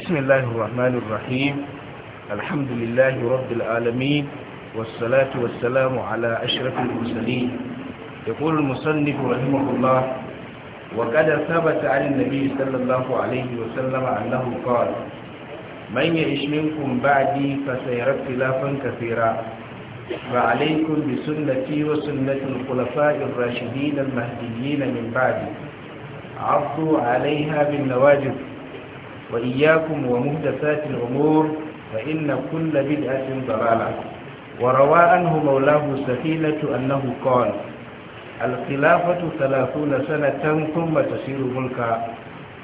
بسم الله الرحمن الرحيم الحمد لله رب العالمين والصلاة والسلام على أشرف المرسلين يقول المصنف رحمه الله وقد ثبت عن النبي صلى الله عليه وسلم أنه قال من يعش منكم بعدي فسيرى اختلافا كثيرا فعليكم بسنتي وسنة الخلفاء الراشدين المهديين من بعدي عضوا عليها بالنواجذ وإياكم ومهدفات الأمور فإن كل بدعة ضلالة وروى عنه مولاه سفينة أنه قال الخلافة ثلاثون سنة ثم تسير ملكا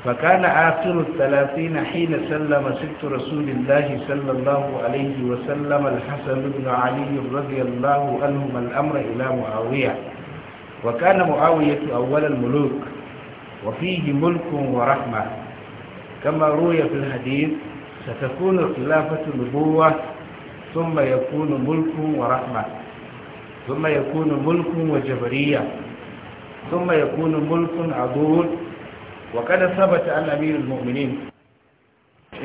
فكان آخر الثلاثين حين سلم ست رسول الله صلى الله عليه وسلم الحسن بن علي رضي الله عنهما الأمر إلى معاوية وكان معاوية أول الملوك وفيه ملك ورحمة كما روي في الحديث ستكون الخلافة نبوة ثم يكون ملك ورحمة ثم يكون ملك وجبرية ثم يكون ملك عدول وقد ثبت عن أمير المؤمنين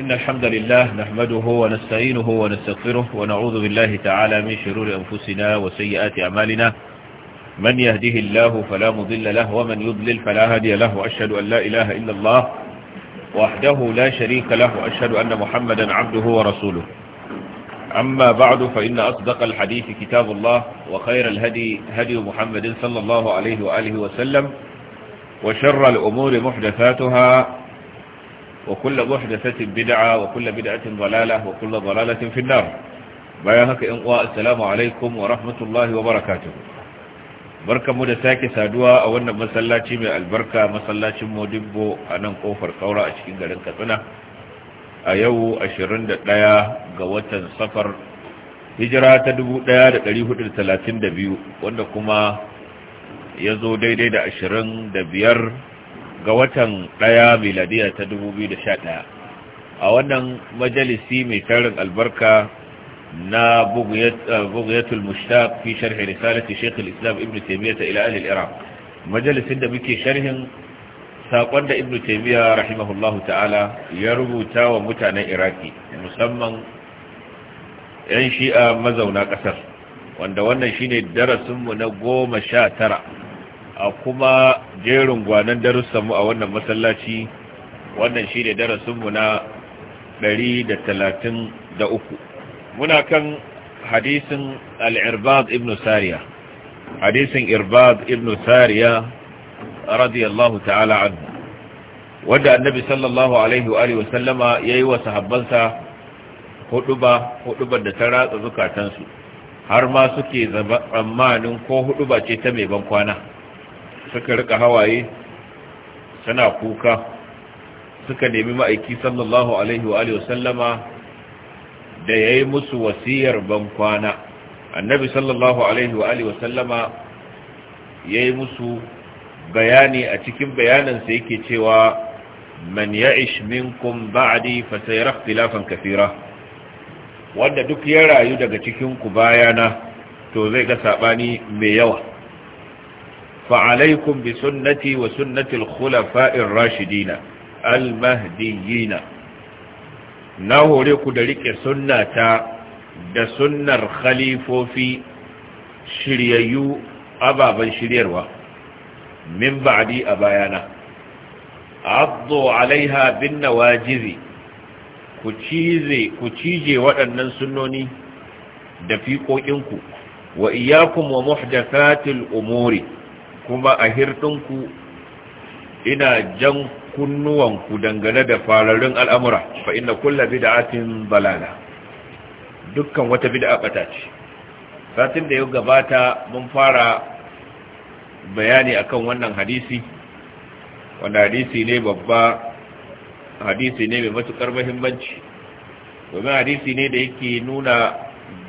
إن الحمد لله نحمده ونستعينه ونستغفره ونعوذ بالله تعالى من شرور أنفسنا وسيئات أعمالنا من يهده الله فلا مضل له ومن يضلل فلا هادي له وأشهد أن لا إله إلا الله وحده لا شريك له أشهد أن محمدا عبده ورسوله أما بعد فإن أصدق الحديث كتاب الله وخير الهدي هدي محمد صلى الله عليه وآله وسلم وشر الأمور محدثاتها وكل محدثة بدعة وكل بدعة ضلالة وكل ضلالة في النار بيانك إنقواء السلام عليكم ورحمة الله وبركاته barkamu da sake saduwa a wannan masallaci mai albarka masallacin modibbo a nan kofar kaura a cikin garin katsina a yau 21 ga watan safar hijira ta 1432 wanda kuma ya zo daidai da 25 ga watan 1 miladiya ta 2011 a wannan majalisi mai tarin albarka na bugiyatul uh, mushtaq fi sharh risalati shaykh al-islam ibn taymiyyah ila ahli al-iraq majalisin da muke sharhin sakon da ibn taymiyyah rahimahullahu ta'ala ya rubuta wa mutanen iraki musamman yan shi'a mazauna kasar wanda wannan shine mu na goma sha tara a kuma jerin gwanon darussanmu a wannan masallaci wannan shine darasinmu na 133 muna kan hadisin al-irbad ibn sariya hadisin irbad ibn sariya radiyallahu ta'ala anhu wanda annabi sallallahu alaihi wa alihi wasallama yi wa sahabbansa huduba hudubar da ta ratsa zukatansu har ma suke tsammanin ko huduba ce ta mai bankwana, suka rika hawaye suna kuka suka nemi ma'aiki sallallahu alaihi wa alihi wasallama da ya yi musu wasiyar bankwana annabi sallallahu alaihi wa alihi wasallama ya yi musu bayani a cikin bayanansa yake cewa man ya minkum ba'di fa sayara ikhtilafan kathira wanda duk ya rayu daga cikin ku bayana to zai ga sabani mai yawa fa alaikum bi sunnati wa sunnati al-khulafa'ir rashidina al-mahdiyina na hore ku da rike sunnata da sunnar khalifofi shiryayyu ababan shiryarwa min ba'di a bayana addu alaiha bin nawajizi ku cize ku cije waɗannan sunnoni da fiƙoƙinku wa iyakum wa muhdathatil umuri kuma a hirɗinku ina jan kunnuwanku dangane da fararin al'amura fa inna kulla bid'atin balala dukkan wata bid'a bata ce satin da ya gabata mun fara bayani akan wannan hadisi wanda hadisi ne babba hadisi ne mai matukar muhimmanci domin hadisi ne da yake nuna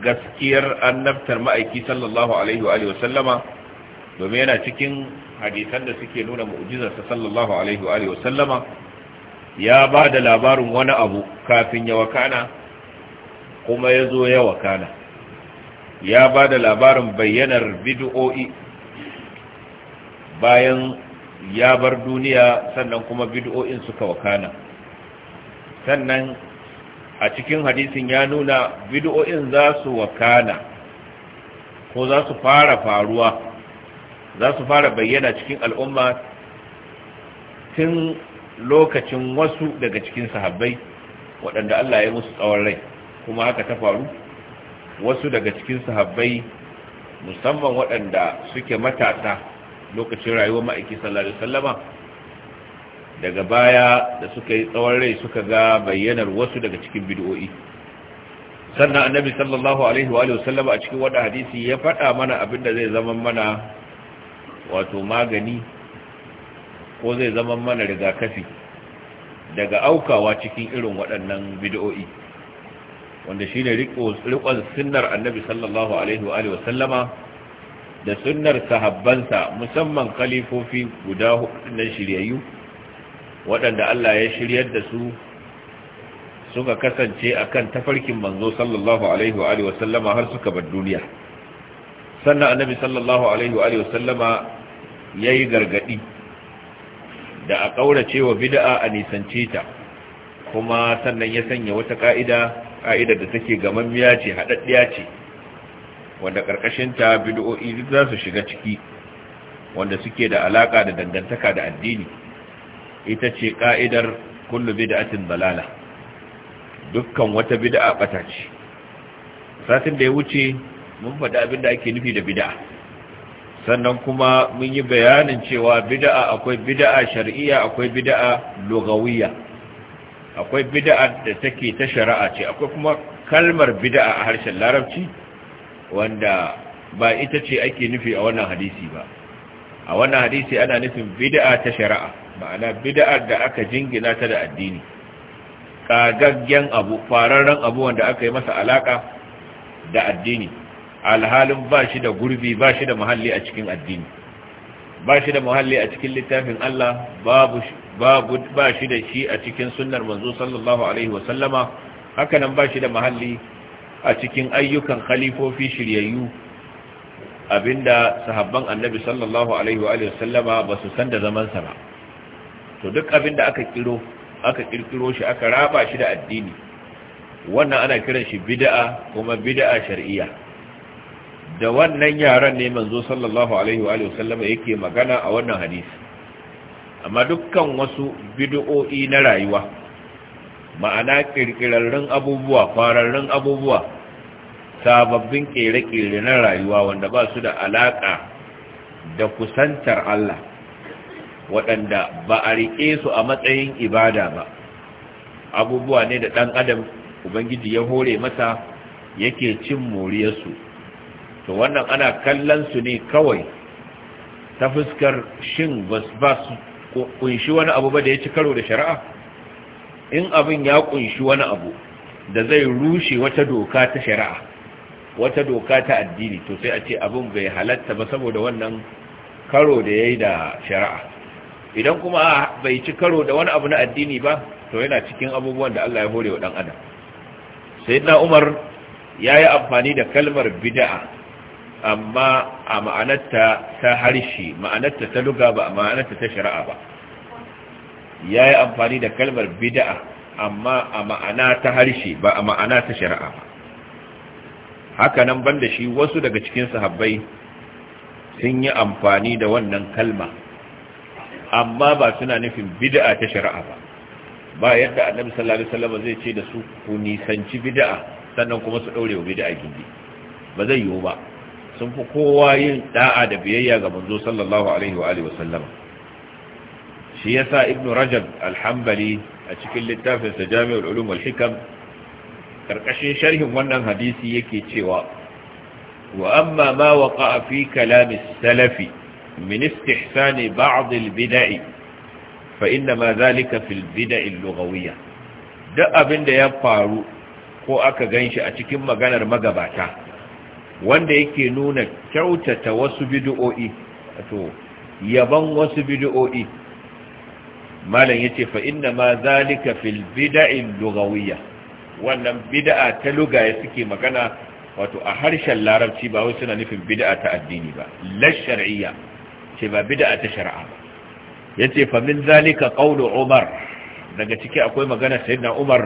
gaskiyar annabtar ma'aiki sallallahu alaihi wa sallama domin yana cikin hadisan da suke nuna mu'jizarsa sallallahu alaihi wa sallama ya ba da labarin wani abu kafin ya wakana kuma ya zo ya wakana ya ba da labarin bayyanar bid'o'i bayan ya bar duniya sannan kuma bid'o'in suka wakana sannan a cikin hadisin ya nuna bid'o'in za su wakana ko za su fara faruwa za su fara bayyana cikin al'umma tun lokacin wasu daga cikin sahabbai waɗanda Allah ya musu tsawon rai kuma haka ta faru wasu daga cikin sahabbai musamman waɗanda suke matasa lokacin rayuwar ma'aiki sallallahu alaihi daga baya da suka yi tsawon rai suka ga bayyanar wasu daga cikin bid'o'i sannan annabi sallallahu alaihi wa sallama a cikin wani hadisi ya faɗa mana abin da zai zama mana wato magani ko zai zama mana rigakafi daga aukawa cikin irin waɗannan bid'o'i wanda ne riƙon sunnar annabi sallallahu alaihi wa sallama da sunnar sahabbansa musamman kalifofi guda na shiryayyu waɗanda Allah ya shiryar da su suka kasance akan tafarkin manzo sallallahu alaihi wa sallama har suka bar duniya sannan annabi sallallahu alaihi wa sallama yayi gargadi da a kaurace wa bid'a a nisance ta kuma sannan ya sanya wata ka'ida ka'idar da take gamammiya ce haɗaɗɗiya ce wanda karkashin ta bid'o'i za su shiga ciki wanda suke da alaka da dangantaka da addini ita ce ka'idar kullu bid'atin dalala dukkan wata bid'a bata ce satin da ya wuce mun faɗi abin da ake nufi da bid'a sannan kuma mun yi bayanin cewa bid'a akwai bid'a shar'iyya akwai bid'a lugawiyya akwai bid'a da take ta shari'a ce akwai kuma kalmar bid'a a harshen larabci wanda ba ita ce ake nufi a wannan hadisi ba a wannan hadisi ana nufin bid'a ta shari'a ma'ana bid'a da aka jingina ta da addini kagaggen abu fararren abu wanda aka yi masa alaka da addini alhalin ba shi da gurbi ba shi da muhalli a cikin addini ba shi da muhalli a cikin littafin Allah babu ba shi da shi a cikin sunnar manzo sallallahu alaihi wasallama hakanan ba shi da muhalli a cikin ayyukan khalifofi shiryayyu abinda sahabban annabi sallallahu alaihi ba su san da zamansa ba to duk abinda aka kiro aka kirkiro shi aka raba shi da addini wannan ana kiran shi bid'a kuma bid'a shar'iyya da wannan yaran ne manzo sallallahu alaihi wa sallama yake magana a wannan hadisi amma dukkan wasu bid'o'i na rayuwa ma'ana kirkirarrun abubuwa kwararrun abubuwa sababbin kere-kere na rayuwa wanda ba su da alaka da kusantar Allah waɗanda ba a riƙe su a matsayin ibada ba abubuwa ne da ɗan adam ubangiji ya hore masa yake cin moriyarsu to wannan ana kallon su ne kawai ta fuskar shin ba su kunshi wani abu ba da ya ci karo da shari'a in abin ya kunshi wani abu da zai rushe wata doka ta shari'a wata doka ta addini to sai a ce abin bai halatta ba saboda wannan karo da ya yi da shari'a idan kuma bai ci karo da wani abu na addini ba to yana cikin abubuwan da Allah ya hore wa ɗan adam sai na umar ya yi amfani da kalmar bida'a amma a ma'anarta ta harshe ma'anarta ta luga ba ma'anarta ta shari'a ba ya yi amfani da kalmar bida'a amma a ma'ana ta harshe ba a ma'ana ta shari'a ba haka nan banda shi wasu daga cikin sahabbai sun yi amfani da wannan kalma amma ba suna nufin bida'a ta shari'a ba ba yadda annabi sallallahu alaihi wasallam zai ce da su ku nisanci bida'a sannan kuma su daure wa bida'a gindi ba zai yiwu ba sun fi kowa yin da'a da biyayya ga manzo sallallahu alaihi wa alihi wasallama shi yasa ibnu rajab al-hanbali a cikin littafin sa jami'ul ulum wal hikam karkashin sharhin wannan hadisi yake cewa wa amma ma waqa'a fi kalam as-salafi min istihsan ba'd al-bid'i fa inna ma zalika fil bid'i al-lughawiyya Da abinda ya faru ko aka ganshi a cikin maganar magabata wanda yake nuna kyautata wasu bid'o'i yaban wasu bid'o'i malam yace fa inna ma zalika fil bid'i lughawiyya wannan bid'a ta lugaye suke magana wato a harshen larabci ba wai suna nufin bid'a ta addini ba la shar'iyya ce ba bid'a ta shar'a ba yace fa min zalika qawlu umar daga ciki akwai magana sayyidina umar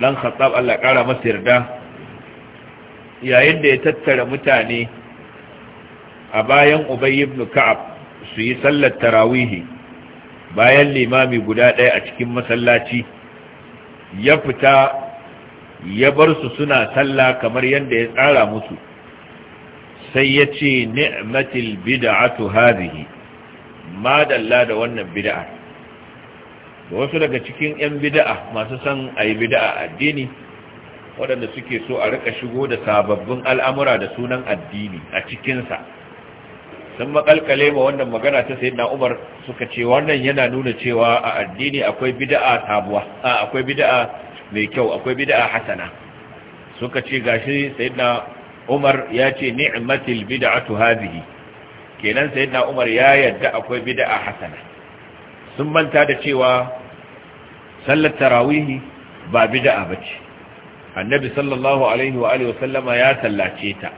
dan khattab Allah kara masa yarda yayin da ya tattara mutane a bayan Ubay ibn Ka'ab su yi sallar tarawihi bayan limami guda ɗaya a cikin masallaci ya fita ya bar su suna sallah kamar yadda ya tsara musu sai ya ce ni'matil bid'atu hadhihi ma dalla da wannan bid'a wasu daga cikin 'yan bid'a masu son ayi bid'a addini waɗanda suke so a riƙa shigo da sababbin al'amura da sunan addini a cikinsa sun makalkale ma wannan magana ta sayi umar suka ce wannan yana nuna cewa a addini akwai bida'a sabuwa akwai bida'a mai kyau akwai bida'a hasana suka ce gashi sayi umar ya ce ni'matil bida'atu hazihi kenan sayi umar ya yadda akwai bida'a hasana sun manta da cewa sallar tarawihi ba bida'a bace annabi sallallahu alaihi wa alihi wasallama ya tallace ta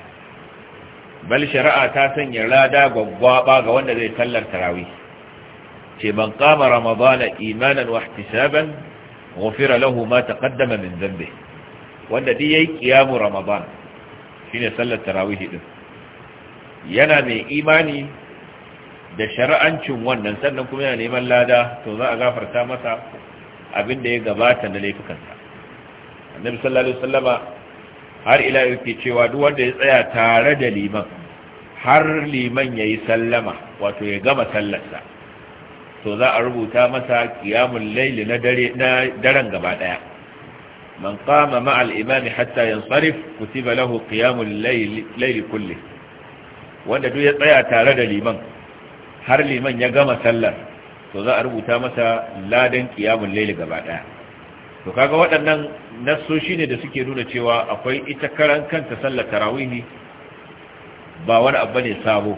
bal shari'a ta sanya lada gwaggwaba ga wanda zai tallar tarawih ce man qama ramadana imanan wa ihtisaban ghufira lahu ma taqaddama min dhanbi wanda dai yayi qiyamu ramadan shine sallar tarawih din yana mai imani da shari'ancin wannan sannan kuma yana neman lada to za a gafarta masa abin da ya gabata na laifukansa annabi sallallahu alaihi wasallama har ila yake cewa duk wanda ya tsaya tare da liman har liman yayi sallama wato ya gama sallarsa to za a rubuta masa qiyamul layli na dare na daren gaba daya man qama ma'a al-imam hatta yansarif kutiba lahu qiyamul layli layli kulli wanda duk ya tsaya tare da liman har liman ya gama sallar to za a rubuta masa ladan qiyamul layli gaba daya to kaga waɗannan nassoshi ne da suke nuna cewa akwai ita karan kanta sallar tarawihi ba wani abu ne sabo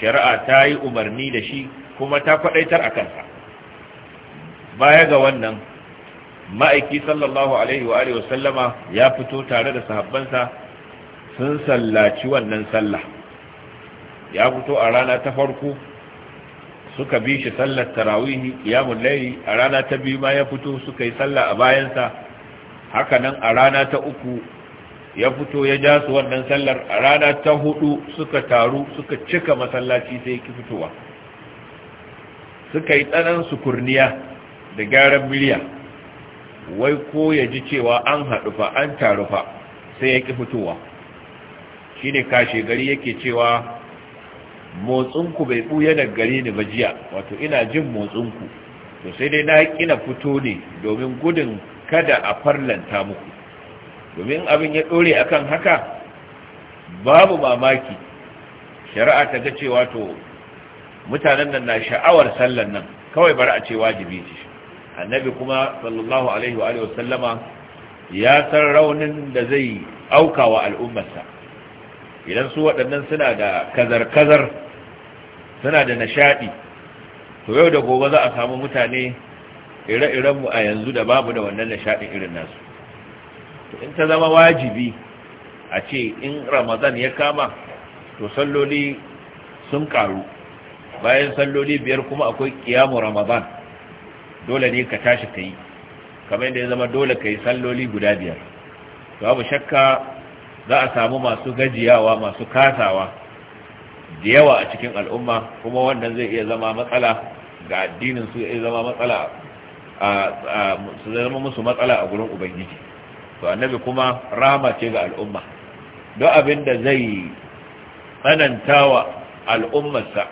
shari'a ta yi umarni da shi kuma ta kwadaitar a kansa baya ga wannan ma'aiki sallallahu alaihi wa alihi wasallama ya fito tare da sahabbansa sun sallaci wannan sallah ya fito a rana ta farko suka bi shi sallar tarawihi yamun layli a rana ta biyu ma ya fito suka yi sallah a bayansa haka nan a rana ta uku ya fito ya ja su wannan sallar a rana ta hudu suka taru suka cika masallaci sai ki fitowa suka yi tsanan sukurniya da gyaran miliya wai ko ya ji cewa an haɗu fa an taru fa sai ya ki fitowa shine kashe gari yake cewa motsinku bai buya da gari ne ba jiya wato ina jin motsinku to sai dai na kina fito ne domin gudun kada a farlanta muku domin abin ya dore akan haka babu mamaki shari'a ta ga cewa to mutanen nan na sha'awar sallan nan kawai bar a ce wajibi ce annabi kuma sallallahu alaihi wa alihi ya san raunin da zai aukawa wa al'ummarsa idan su waɗannan suna da kazar-kazar suna da nishaɗi to yau da gobe za a samu mutane ire-irenmu a yanzu da babu da wannan nishaɗin irin nasu to in ta zama wajibi a ce in ramadan ya kama to salloli sun karu bayan salloli biyar kuma akwai kiyamu ramadan dole ne ka tashi ka yi kamar yadda ya zama dole ka yi salloli guda biyar babu shakka za a samu masu gajiyawa masu kasawa da yawa a cikin al'umma kuma wannan zai iya zama matsala ga addinin su iya zama matsala su zama musu matsala a gurin ubangiji to annabi kuma rahama ce ga al'umma don abin da zai tsanantawa al'ummarsa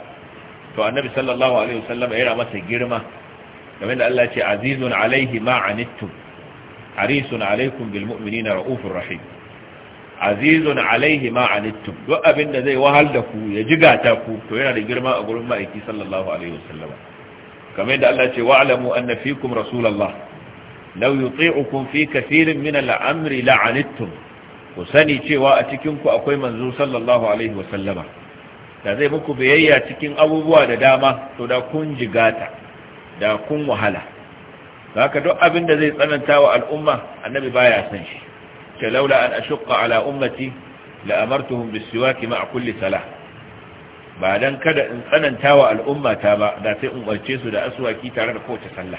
to annabi sallallahu alaihi wasallam yana masa girma game da Allah ce azizun alaihi ma anittum harisun alaikum bil mu'minina raufur rahim azizun alaihi ma anittum duk abin da zai wahal da ku ya jigata ku to yana da girma a gurin ma'aiki sallallahu alaihi wasallama kamar yadda Allah ce wa'lamu anna fikum rasulullah law yuti'ukum fi kathirin min al-amri la'anittum ku sani cewa a cikin ku akwai manzo sallallahu alaihi wasallama da zai muku biyayya cikin abubuwa da dama to da kun jigata da kun wahala haka duk abin da zai tsananta wa al'umma annabi baya san shi laula an ashqa ala ummati la amartuhum bisiwaki ma'a kulli salah ba dan kada in tsananta wa al'ummata ba da sai in umarce su da aswaki tare da kowace sallah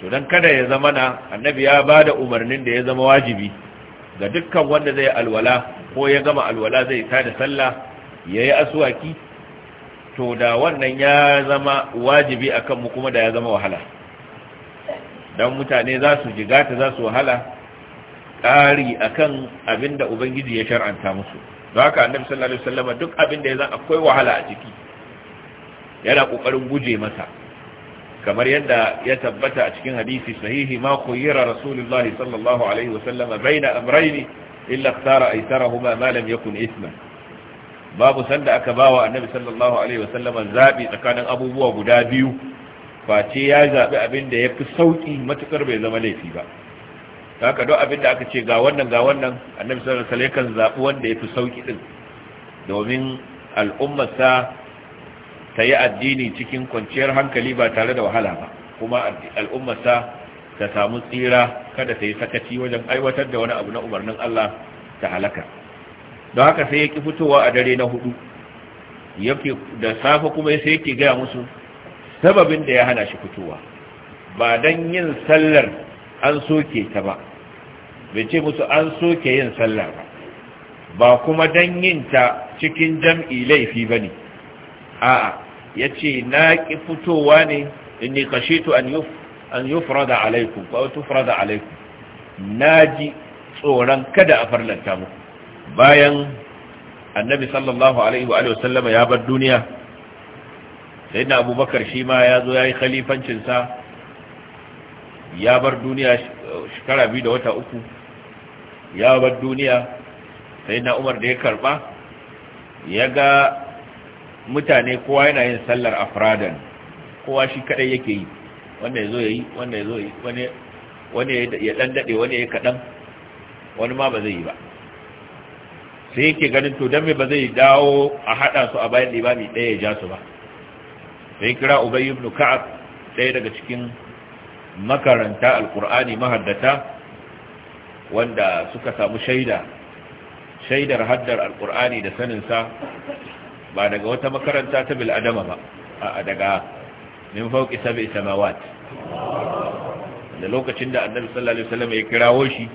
to dan kada ya zama na annabi ya bada umarnin da ya zama wajibi ga dukkan wanda zai alwala ko ya gama alwala zai da sallah yayi aswaki to da wannan ya zama wajibi akan mu kuma da ya zama wahala dan mutane za su jigata za su wahala ƙari akan abinda ubangiji ya shar'anta musu don haka annabi sallallahu alaihi sallam duk abin da ya zan akwai wahala a ciki yana ƙoƙarin guje masa kamar yadda ya tabbata a cikin hadisi sahihi ma khayyara rasulullah sallallahu alaihi wasallam baina amraini illa ikhtara aitharahuma ma lam yakun isma babu sanda aka bawa annabi sallallahu alaihi sallam zabi tsakanin abubuwa guda biyu face ya zaɓi abin da fi sauki matukar bai zama laifi ba haka don abin da aka ce ga wannan ga wannan annabi sallallahu alaihi wasallam kan zabi wanda yafi sauki din domin al'ummarsa ta yi addini cikin kwanciyar hankali ba tare da wahala ba kuma al'ummarsa ta samu tsira kada ta yi sakaci wajen aiwatar da wani abu na umarnin Allah ta halaka don haka sai yake fitowa a dare na hudu yake da safe kuma sai yake gaya musu sababin da ya hana shi fitowa ba dan yin sallar an soke ta ba bai ce musu an soke yin sallah ba ba kuma dan yin ta cikin jam'i laifi ba ne. a'a yace na ki fitowa ne inni khashitu an yuf an Ba alaikum ko tufrada Na naji tsoron kada a farlanta muku bayan annabi sallallahu alaihi wa sallama ya bar duniya sai na abubakar shi ma ya zo ya yi khalifancinsa ya bar duniya shekara biyu da wata uku ya bar duniya sai na umar da ya karba ya ga mutane kowa yana yin sallar afradan kowa shi kadai yake yi wanda ya zo ya yi wanda ya zo ya yi wani ya dan dade wani ya kadan wani ma ba zai yi ba sai yake ganin to dan me ba zai dawo a hada su a bayan limami ɗaya ya ja su ba sai kira ubay ibn ka'ab ɗaya daga cikin makaranta alqur'ani mahaddata wanda suka samu shaida shaidar haddar alkur'ani da saninsa ba daga wata makaranta ta bil'adama ba a daga min fauki sabi samawat da lokacin da annabi sallallahu alaihi wasallam ya kirawo shi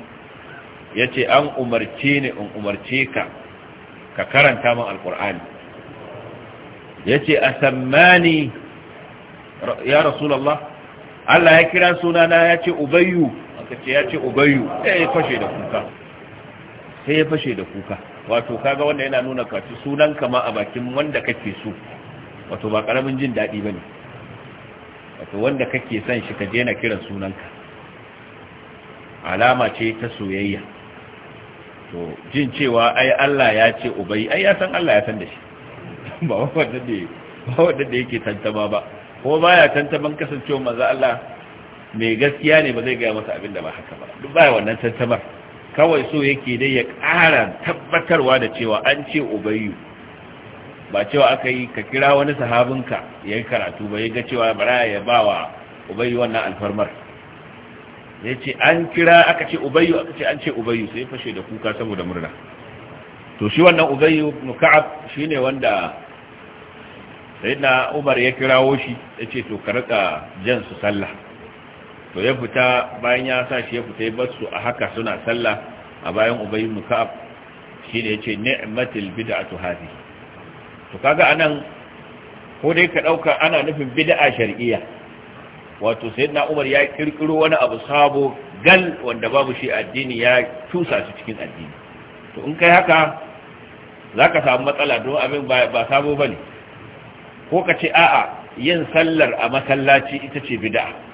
yace an umarce ni an umarce ka ka karanta min alkur'ani yace asammani ya rasulullah Allah ya kira sunana yace ubayyu aka ce ya ce Obayu sai ya fashe da kuka sai ya fashe da kuka wato kaga wanda yana nuna kaci sunan kama a bakin wanda kake so wato ba karamin jin daɗi ba ne wato wanda kake son shi ka daina kiran sunanka alama ce ta soyayya to jin cewa ai Allah ya ce ubayi ai ya san Allah ya san da shi ba wanda da yake tantama ba ko baya tantaban kasancewa manzo Allah mai gaskiya ne ba zai gaya masa abin da ba haka ba duk baya wannan tantamar kawai so yake dai ya ƙara tabbatarwa da cewa an ce ubayyu ba cewa aka yi ka kira wani sahabinka ya yi karatu ba ya ga cewa bara ya ba wa ubayyu wannan alfarmar ya ce an kira aka ce ubayyu aka ce an ce ubayyu sai fashe da kuka saboda murna to shi wannan ubayyu muka'ab shi ne wanda sai na umar ya kirawo shi ya ce to ka rika jan su sallah to ya fita bayan ya sa shi ya fita ya su a haka suna sallah a bayan ubayy ibn ka'ab shine yace ni'matul bid'atu hadi to kaga anan ko dai ka dauka ana nufin bid'a shar'iyya wato sayyidina Umar ya kirkiro wani abu sabo gal wanda babu shi addini ya tusa su cikin addini to in kai haka zaka samu matsala don abin ba sabo bane ko ka ce a'a yin sallar a masallaci ita ce bid'a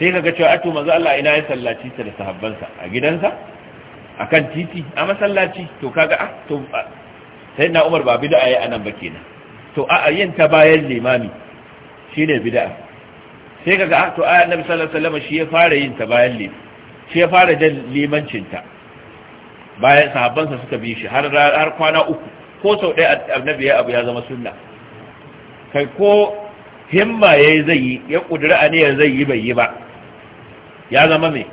sai ka ga cewa ato manzo Allah ina ya sallaci ta da sahabbansa a gidansa a kan titi a masallaci to kaga ah to sai na Umar ba bid'a yayi anan ba kenan to a yin ta bayan limami shine bid'a sai kaga ah to ayat Nabi sallallahu alaihi wasallam shi ya fara yin ta bayan limami shi ya fara da limancin ta bayan sahabbansa suka bi shi har har kwana uku ko sau ɗaya annabi ya abu ya zama sunna kai ko himma yayi zai yi ya kudura aniyar zai yi bai yi ba ya zama me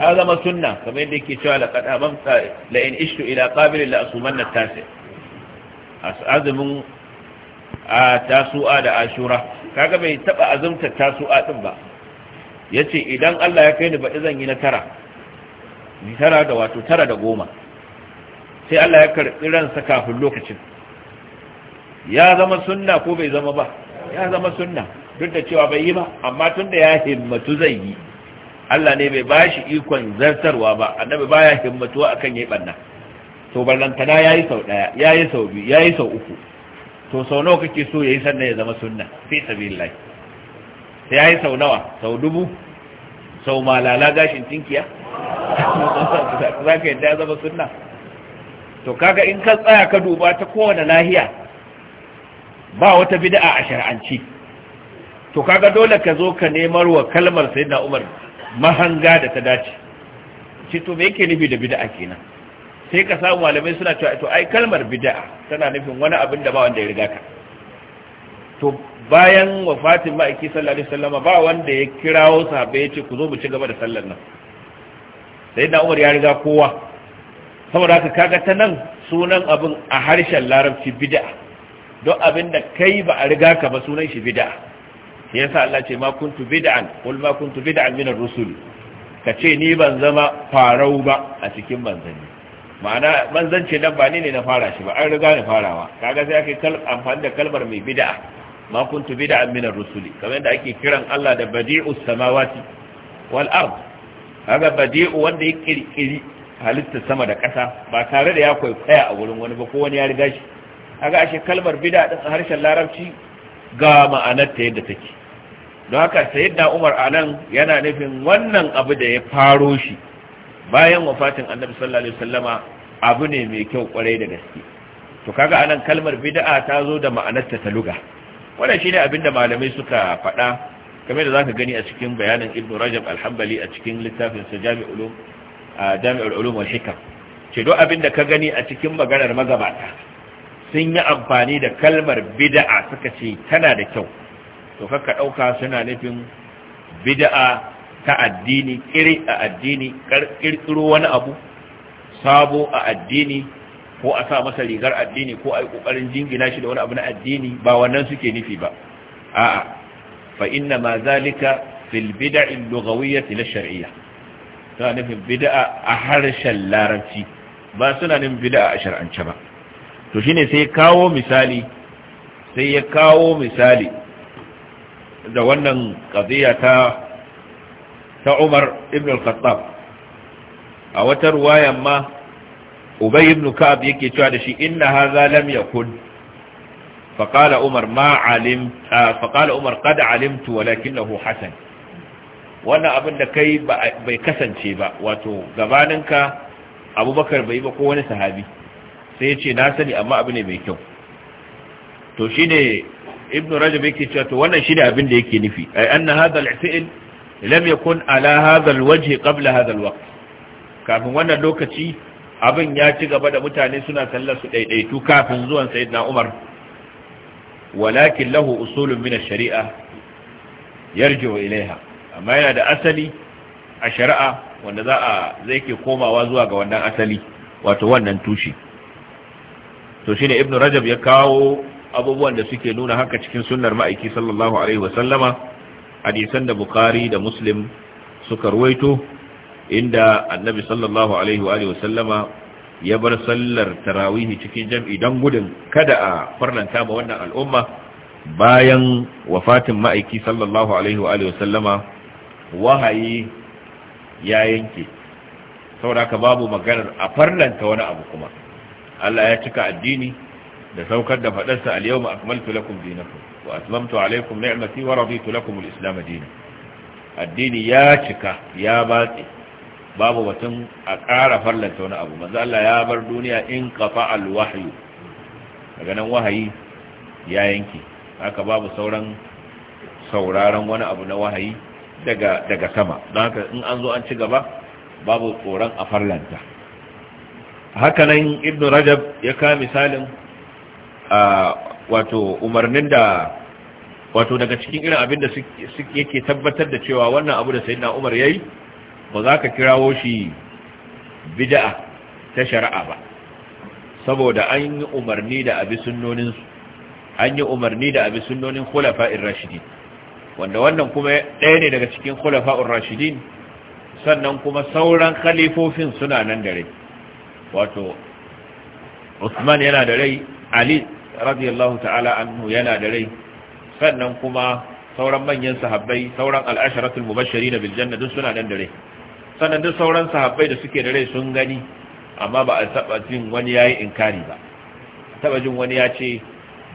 ya zama sunna kamar yadda yake cewa laqad sa la in ishtu ila qabil la asumanna tase azumin a tasu'a da ashura kaga bai taba azumta tasu'a din ba yace idan Allah ya kai ni baɗi zan yi na tara ni tara da wato tara da goma sai Allah ya karɓi ransa kafin lokacin ya zama sunna ko bai zama ba ya zama sunna duk da cewa bai yi ba amma tun da ya himmatu zai yi Allah ne bai bashi ikon zartarwa ba annabi baya himmatuwa akan yayi banna to ballantana yayi sau daya yayi sau biyu yayi sau uku to sau nawa kake so yayi sannan ya zama sunna fi sabilillah sai yayi sau nawa sau dubu sau malala gashin tinkiya za ka yadda ya zama sunna to kaga in ka tsaya ka duba ta kowane lahiya ba wata bid'a a shar'anci to kaga dole ka zo ka nemar wa kalmar sayyidina Umar mahanga da ta dace shi to me yake nufi da bid'a kenan sai ka samu malamai suna cewa to ai kalmar bid'a tana nufin wani abin da ba wanda ya riga ka to bayan wafatin ma'aiki sallallahu alaihi wasallama ba wanda ya kirawo sahabbai ya ce ku zo mu ci gaba da sallar nan sai da Umar ya riga kowa saboda haka kaga ta nan sunan abin a harshen larabci bid'a don abin da kai ba a riga ka ba sunan shi bid'a yasa Allah ce ma kuntu bid'an qul ma kuntu bid'an min ar-rusul kace ni ban zama farau ba a cikin manzanni ma'ana manzanci nan ba ni ne na fara shi ba an riga ni farawa kaga sai ake amfani da kalmar mai bid'a ma kuntu bid'an min ar-rusuli kamar yadda ake kiran Allah da badi'u samawati wal ard kaga badi'u wanda ya kirkiri halittar sama da ƙasa ba tare da ya kwaikwaya a wurin wani ba ko wani ya riga shi kaga ashe kalmar bid'a din harshen larabci ga ma'anar ta yadda take don haka sayyidina umar anan yana nufin wannan abu da ya faro shi bayan wafatin annabi sallallahu alaihi wasallama abu ne mai kyau kwarai da gaske to kaga anan kalmar bid'a ta zo da ma'anarta ta taluga wannan shine da malamai suka faɗa kamar da zaka gani a cikin bayanin Ibn Rajab al-Hanbali a cikin littafin sa Jami'ul Ulum Jami'ul Ulum wal Hikam ce abin da ka gani a cikin maganar magabata sun yi amfani da kalmar bid'a suka ce tana da kyau to kakka ɗauka suna nufin bida'a ta addini kiri a addini ƙirƙiro wani abu sabo a addini ko a sa masa rigar addini ko a yi ƙoƙarin jingina shi da wani abu na addini ba wannan suke nufi ba a'a fa inna ma zalika fil bid'il lughawiyyah la shar'iyyah ta nufin bid'a a harshen larabci ba suna nufin bid'a a shar'ance ba to shine sai kawo misali sai ya kawo misali da wannan qadiya ta ta Umar ibn al-Khattab a wata ruwa ma Ubay ibn Ka'ab yake cewa da shi inna hadha lam yakun fa qala Umar ma alim fa qala Umar qad alimtu walakinahu hasan wannan abin da kai bai kasance ba wato gabaninka abubakar bai ba ko wani sahabi sai ya ce na sani amma abu ne mai kyau to shi ne ibn rajab yake cewa to wannan shine abin da yake nufi ai anna hadha al-fi'l lam yakun ala hadha al-wajh qabla hadha al-waqt kafin wannan lokaci abin ya ci gaba da mutane suna sallar su daidaitu kafin zuwan sayyidina umar walakin lahu usulun min ash-shari'a yarji'u ilaiha amma yana da asali a shari'a wanda za a zai ke komawa zuwa ga wannan asali wato wannan tushe to shine ibn rajab ya kawo abubuwan da suke nuna haka cikin sunnar ma'aiki sallallahu alaihi wasallama hadisan da bukari da muslim suka ruwaito inda annabi sallallahu alaihi wa sallama ya bar sallar tarawihi cikin jam'i don gudun kada a farlanta ma wannan al'umma bayan wafatin ma'aiki sallallahu alaihi wa sallama wahayi ya yanke saboda babu maganar a farlanta wani abu kuma Allah ya cika addini da saukar da faɗarsa a yawma akmaltu lakum dinakum wa atmamtu alaykum ni'mati wa raditu lakum al-islam dinan addini ya cika ya batse babu batun a ƙara farlanta wani abu manzo Allah ya bar duniya in kafa al-wahyu daga nan wahayi ya yanke haka babu sauran sauraron wani abu na wahayi daga daga sama don haka in an zo an ci gaba babu tsoron a farlanta haka nan ibnu rajab ya ka misalin wato umarnin da wato daga cikin irin abin da yake tabbatar da cewa wannan abu da sayyidina Umar yayi ba za ka kirawo shi bid'a ta shari'a ba saboda an yi umarni da abi sunnonin an yi umarni da abi sunnonin khulafa'ir rashidin wanda wannan kuma ɗaya ne daga cikin khulafa'ur rashidin sannan kuma sauran khalifofin suna nan da rai wato Usman yana da rai ali radiyallahu ta'ala anhu yana da rai sannan kuma sauran manyan sahabbai sauran al'asharatul mubashirin bil janna duk suna nan da rai sannan duk sauran sahabbai da suke da rai sun gani amma ba a taba jin wani yayi inkari ba taba jin wani ya ce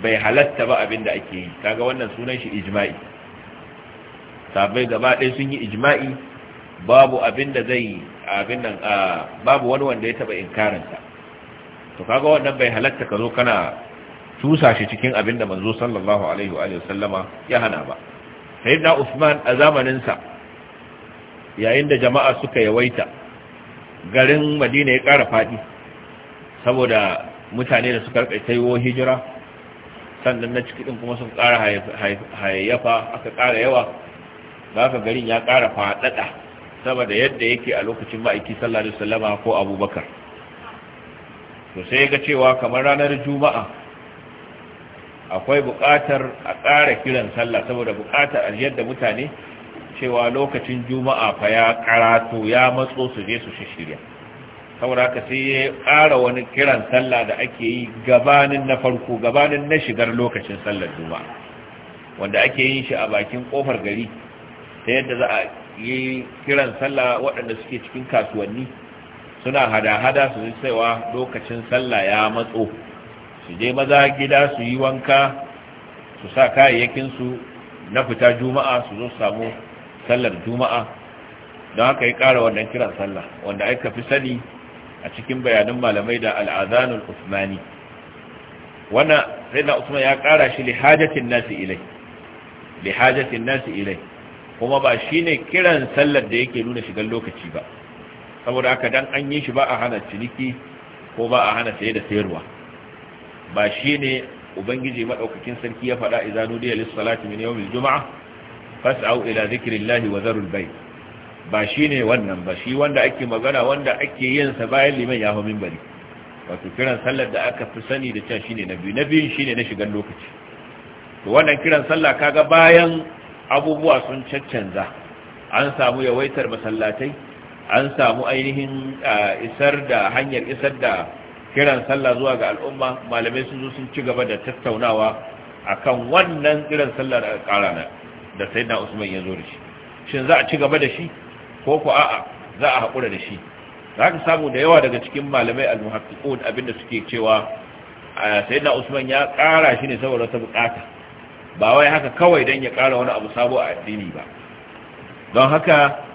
bai halatta ba abin da ake yi kaga wannan sunan shi ijma'i sahabbai gaba ɗaya sun yi ijma'i babu abin da zai abin nan babu wani wanda ya taba inkarin sa to kaga wannan bai halatta ka zo kana tusa shi cikin abin da manzo sallallahu alaihi wa sallama ya hana ba da Usman a zamanin sa yayin da jama'a suka yawaita garin Madina ya ƙara fadi saboda mutane da suka rika taiwo hijira sannan na cikin kuma sun ƙara hayayyafa aka ƙara yawa ba garin ya ƙara faɗaɗa saboda yadda yake a lokacin ma'aiki sallallahu alaihi sallama ko abubakar to sai ga cewa kamar ranar juma'a akwai buƙatar a ƙara kiran sallah saboda buƙatar ajiyar da mutane cewa lokacin juma'a fa ya karatu ya matso su je su shirya saboda ka sai ya ƙara wani kiran sallah da ake yi gabanin na farko gabanin na shigar lokacin sallar juma'a wanda ake yin shi a bakin kofar gari ta yadda za a yi kiran sallah waɗanda suke cikin kasuwanni suna hada-hada su ji cewa lokacin sallah ya matso su je maza gida su yi wanka su sa kayayyakinsu na fita juma'a su zo samu sallar juma'a don haka ya ƙara wannan kiran sallah wanda aka fi sani a cikin bayanin malamai da al'azanul usmani wannan rina usman ya ƙara shi lihajatin nasi ilai lihajatin nasi ilai kuma ba shine kiran sallar da yake nuna shigan lokaci ba saboda haka dan an yi shi ba a hana ciniki ko ba a hana saye da sayarwa ba shi ne ubangiji madaukakin sarki ya faɗa idanu diya lissalati min yawmil juma'a fas'au ila zikrillahi wa zarul bayt ba shi ne wannan ba shi wanda ake magana wanda ake yin sa bayan liman ya hau bari. wato kiran sallar da aka fi sani da cewa shine na biyu na biyun shine na shigan lokaci to wannan kiran sallah kaga bayan abubuwa sun caccanza an samu yawaitar masallatai an samu ainihin isar da hanyar isar da kiran sallah zuwa ga al'umma malamai sun zo sun ci gaba da tattaunawa akan wannan kiran sallah da karana da sayyidina Usman ya zo da shi shin za a ci gaba da shi ko ko a'a za a hakura da shi za ka samu da yawa daga cikin malamai al-muhaqqiqun abinda suke cewa sayyidina Usman ya kara shi ne saboda wata bukata ba wai haka kawai dan ya kara wani abu sabo a addini ba don haka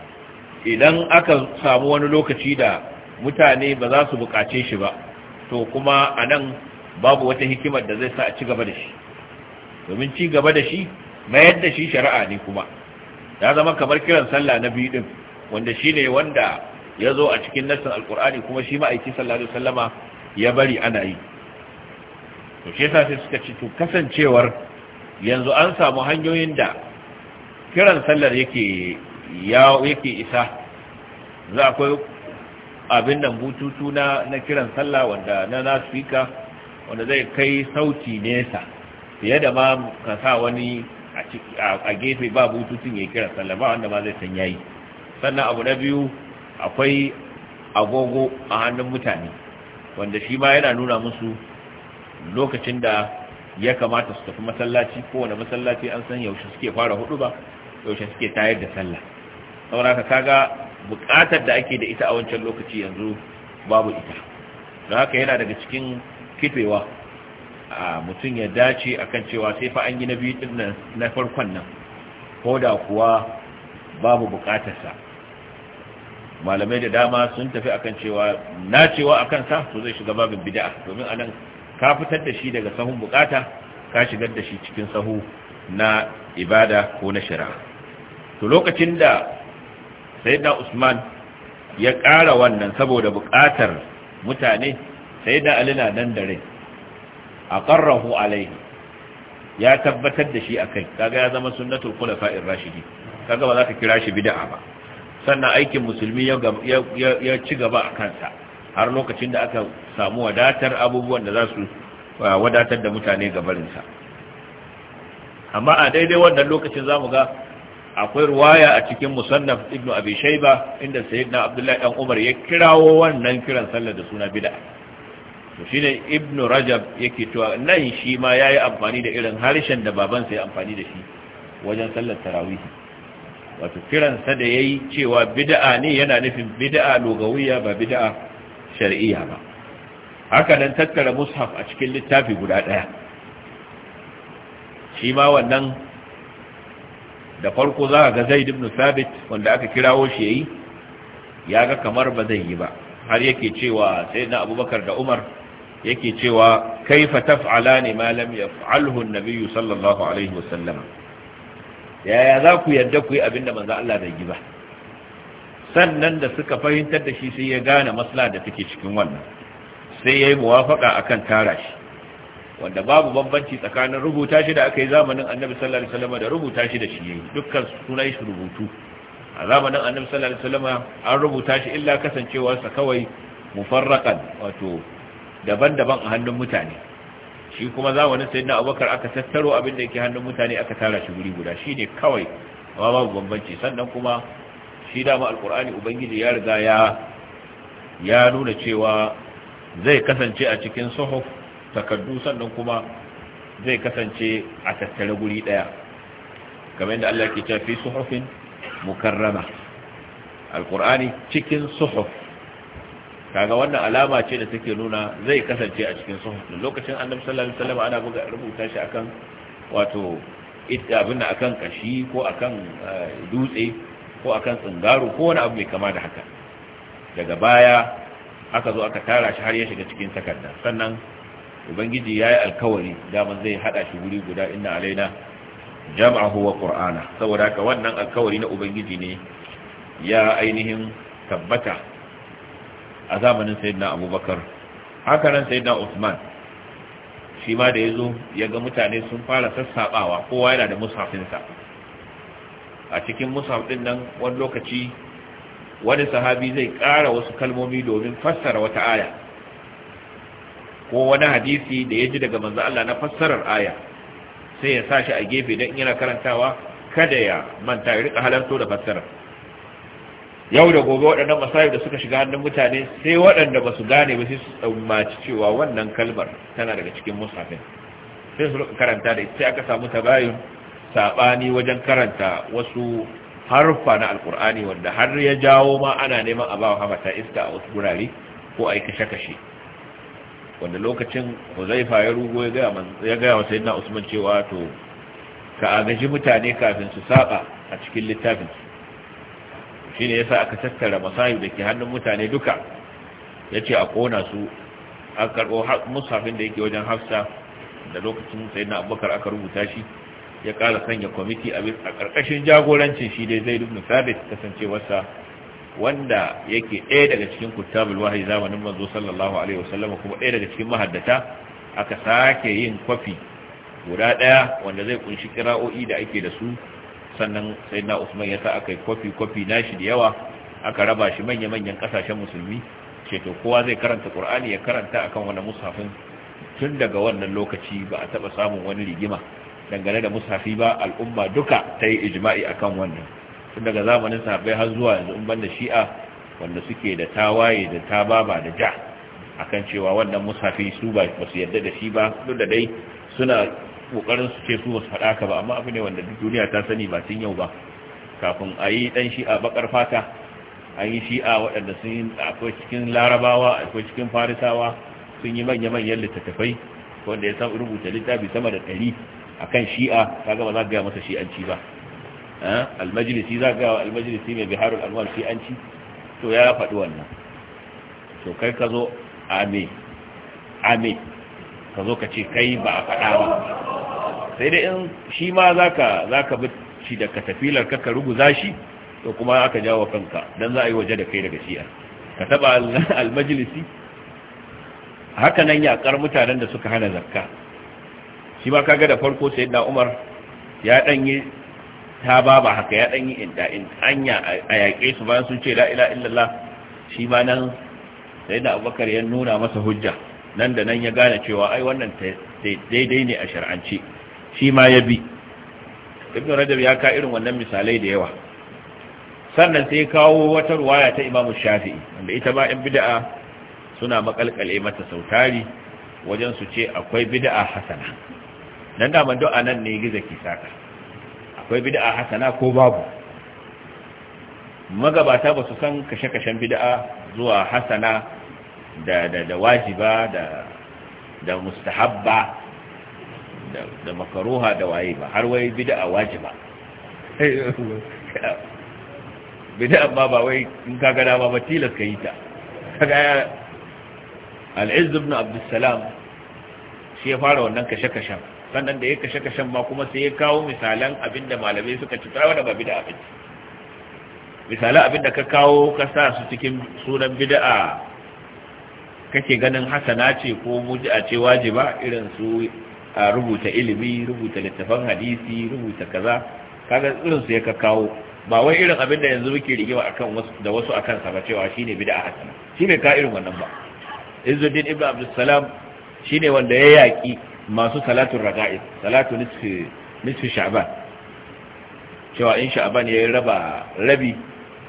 idan aka samu wani lokaci da mutane ba za su bukace shi ba to kuma a nan babu wata hikimar da zai sa a ci gaba da shi domin ci gaba da shi mayar da shi shari'a ne kuma ya zama kamar kiran sallah na biyu din wanda shi ne wanda ya zo a cikin nassin alkur'ani kuma shi ma'aiki sallallahu Sallama ya bari ana yi to shi yasa sai suka ci to kasancewar yanzu an samu hanyoyin da kiran sallar yake ya yake isa za akwai abin nan bututu na na kiran sallah wanda na na speaker wanda zai kai sauti nesa fiye da ma ka sa wani a gefe ba bututun ya kiran sallah ba wanda ma zai san yayi sannan abu na biyu akwai agogo a hannun mutane wanda shi ma yana nuna musu lokacin da ya kamata su tafi masallaci ko wani masallaci an san yaushe suke fara hudu ba yaushe suke tayar da sallah saboda ka kaga bukatar da ake da ita a wancan lokaci yanzu babu ita don haka yana daga cikin kifewa a mutum ya dace akan cewa sai fa an yi na biyu din na farkon nan ko da kuwa babu bukatarsa malamai da dama sun tafi akan cewa na cewa akan sa to zai shiga babin bid'a domin anan ka fitar da shi daga sahun bukata ka shigar da shi cikin sahu na ibada ko na shari'a to lokacin da da usman ya ƙara wannan saboda buƙatar mutane da ali na nan da rai aqarrahu alaihi ya tabbatar da shi akai kaga ya zama sunnatul khulafa'ir rashidi kaga ba za ka kira shi bid'a ba sannan aikin musulmi ya ci gaba a kansa har lokacin da aka samu wadatar abubuwan da za su wadatar da mutane gabarinsa amma a daidai wannan lokacin za mu ga akwai ruwaya a cikin musannaf ibnu abi shayba inda sayyidina abdullahi dan umar ya kirawo wannan kiran sallar da suna bid'a to shine ibnu rajab yake to nan shi ma yayi amfani da irin harshen da babansa ya amfani da shi wajen sallar tarawih wato kiran sa da yayi cewa bid'a ne yana nufin bid'a lugawiyya ba bid'a shar'iyya ba haka nan tattara mushaf a cikin littafi guda daya shi ma wannan da farko za ga zaid ibn sabit wanda aka kirawo shi yayi ya ga kamar ba zai yi ba har yake cewa sayyidina abubakar da umar yake cewa kaifa taf'alani ma lam yaf'alhu an-nabiy sallallahu alaihi wasallam yaya za ku yarda ku yi abinda manzo Allah bai yi ba sannan da suka fahimtar da shi sai ya gane maslaha da take cikin wannan sai yayi muwafaqa akan tara shi wanda babu bambanci tsakanin rubuta shi da aka yi zamanin annabi sallallahu alaihi wasallam da rubuta shi da shi dukkan sunan shi rubutu a zamanin annabi sallallahu alaihi wasallam an rubuta shi illa kasancewarsa kawai mufarraqan wato daban-daban a hannun mutane shi kuma zamanin sayyidina abubakar aka tattaro abin da yake hannun mutane aka tara shi guri guda shine kawai amma babu bambanci sannan kuma shi dama alqur'ani ubangiji ya riga ya ya nuna cewa zai kasance a cikin suhuf takardu sannan kuma zai kasance a tattare guri daya kamar yadda Allah ke cewa fi suhufin mukarrama alqur'ani cikin suhuf kaga wannan alama ce da take nuna zai kasance a cikin suhuf lokacin annabi sallallahu alaihi wasallam ana buga rubuta shi akan wato abin da akan kashi ko akan eh, dutse ko akan tsingaro ko wani abu mai kama da haka daga baya aka zo aka tara shi har ya shiga cikin takarda sannan ubangiji ya yi alkawari daman zai haɗa shi wuri guda inna alaina jam'ahu wa qur'ana saboda haka wannan alkawari na ubangiji ne ya ainihin tabbata a zamanin sayyidina abubakar haka nan sayyidina usman shi ma da zo ya ga mutane sun fara sassaɓawa kowa yana da musafinsa a cikin musaf din nan wani lokaci wani sahabi zai ƙara wasu kalmomi domin fassara wata aya ko wani hadisi da ya ji daga manzo Allah na fassarar aya sai ya sa shi a gefe don yana karantawa kada ya manta ya rika halarto da fassarar yau da gobe waɗannan masayi da suka shiga hannun mutane sai waɗanda ba su gane ba sai su tsammaci cewa wannan kalmar tana daga cikin musafin sai su rika karanta da sai aka samu tabayun sabani wajen karanta wasu harfa na alkur'ani wanda har ya jawo ma ana neman a ba wa hamata iska a wasu gurare ko a yi kashe-kashe wanda lokacin huzaifa ya rugo ya gaya wa sayyidina usman cewa to ka agaji mutane kafin su saba a cikin littafin shi ne yasa aka tattara masayu da ke hannun mutane duka ya ce a kona su a karɓo musafin da yake wajen hafsa da lokacin sayyidina abubakar aka rubuta shi ya ƙara sanya kwamiti a ƙarƙashin jagorancin shi dai zai dubna sabit kasancewarsa wanda yake ɗaya daga cikin kuttabul wahyi zamanin manzo sallallahu alaihi wasallam kuma ɗaya daga cikin mahaddata aka sake yin kwafi guda ɗaya wanda zai kunshi kira'o'i da ake da su sannan sayyidina Usman ya sa aka yi kwafi kwafi nashi da yawa aka raba shi manya manyan kasashen musulmi ce to kowa zai karanta Qur'ani ya karanta akan wani mushafin tun daga wannan lokaci ba a taba samun wani rigima dangane da mushafi ba al'umma duka ta yi ijma'i akan wannan tun daga zamanin sahabbai har zuwa yanzu in da shi'a wanda suke da tawaye da tababa da ja akan cewa wannan musafi su ba su yarda da shi ba duk da dai suna kokarin su ce su ba su faɗa ka ba amma abu ne wanda duk duniya ta sani ba tun yau ba kafin a yi ɗan shi'a bakar fata an yi shi'a waɗanda sun yi akwai cikin larabawa akwai cikin farisawa sun yi manya-manyan littattafai wanda ya san rubuta littafi sama da ɗari akan shi'a ta gaba za ga masa shi'anci ba Eh? almajlisi za ga almajlisi mai biharul anwar fi an ci to ya faɗi wannan to kai ka zo ame ame ka zo ka ce kai ba a faɗa ba sai dai in shi ma za ka bi shi da katafilar ka ka ruguza shi to kuma aka jawo kanka don za a yi waje da kai daga shiya ka taɓa almajlisi haka nan yaƙar mutanen da suka hana zakka shi ma kaga da farko sai na umar ya ɗanyi ta ba ba haka ya ɗanyi inda in hanya a yaƙe su bayan sun ce ila illallah shi ma nan sai da abubakar ya nuna masa hujja nan da nan ya gane cewa ai wannan daidai ne a shar'ance shi ma ya bi ibn rajab ya ka irin wannan misalai da yawa sannan sai kawo wata ruwaya ta imamu shafi'i wanda ita ma in bida'a suna makalkale mata sautari wajen su ce akwai bida'a hasana nan da man do'a nan ne giza ki saka akwai bid'a hasana ko babu magabata ba su san kashe-kashen bid'a zuwa hasana da da da wajiba da da mustahabba da da makaruha da waye ba har wai bid'a wajiba bid'a ba ba wai in ka gada ba tilas ka yi ta kaga al-izz ibn shi ya fara wannan kashe-kashen sannan da ya kashe kashen ma kuma sai ya kawo misalan abinda malamai suka ci tsawa da ba bid'a abin misalan abinda ka kawo ka sa su cikin sunan bid'a kake ganin hasana ce ko a ce wajiba irin su a rubuta ilimi rubuta littafan hadisi rubuta kaza kaga irin su ya ka kawo ba wai irin abin da yanzu muke rigewa akan wasu da wasu akan sa ba cewa shine bid'a hasana shine ka irin wannan ba Izzuddin ibn Abdul Salam shine wanda ya yaki masu salatun raga'i. salatu nisfi nisfi sha'ban cewa in sha'ban yayin raba rabi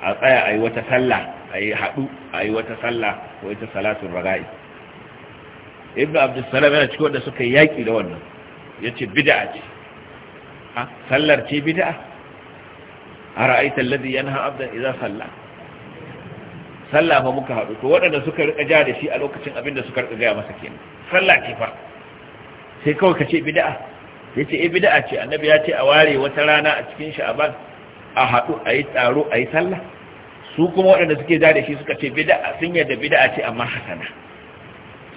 a tsaya a yi wata sallah a yi haɗu a yi wata sallah ko ita salatun raga'i. Ibn abdus salam yana cikin wanda suka yaƙi da wannan Ya ce bida'a ce ha sallar ce bida'a. bid'a ara'aita alladhi yanha abdan idza salla sallah fa muka haɗu? to waɗanda suka rika ja da shi a lokacin abin da suka rika gaya masa kenan sallah ce fa sai kawai ka ce bid'a yace e eh, bida'a ce annabi ya ce a ware wata rana a cikin sha'aban a haɗu a yi taro a yi sallah su kuma waɗanda suke da shi suka ce bida'a sun yadda bida'a ce amma hasana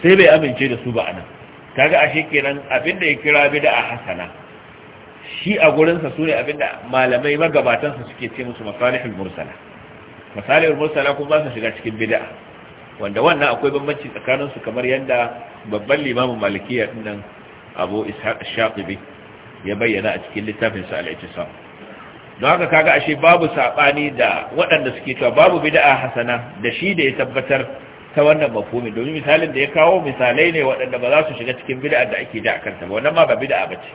sai bai amince da su ba anan kaga ashe kenan abinda ya kira bidaa hasana shi a gurinsa su ne abinda malamai magabatansa suke ce musu masalihul mursala masalihul mursala kuma ba su shiga cikin bida'a wanda wannan akwai bambanci tsakaninsu kamar yadda babban limamin malikiya ya nan abu ishaq shatibi ya bayyana a cikin littafin sa al-i'tisam don haka kaga ashe babu saɓani da waɗanda suke cewa babu bida'a hasana da shi da ya tabbatar ta wannan mafhumi domin misalin da ya kawo misalai ne waɗanda ba za su shiga cikin bid'a da ake da akan ta ba wannan ma ba bid'a bace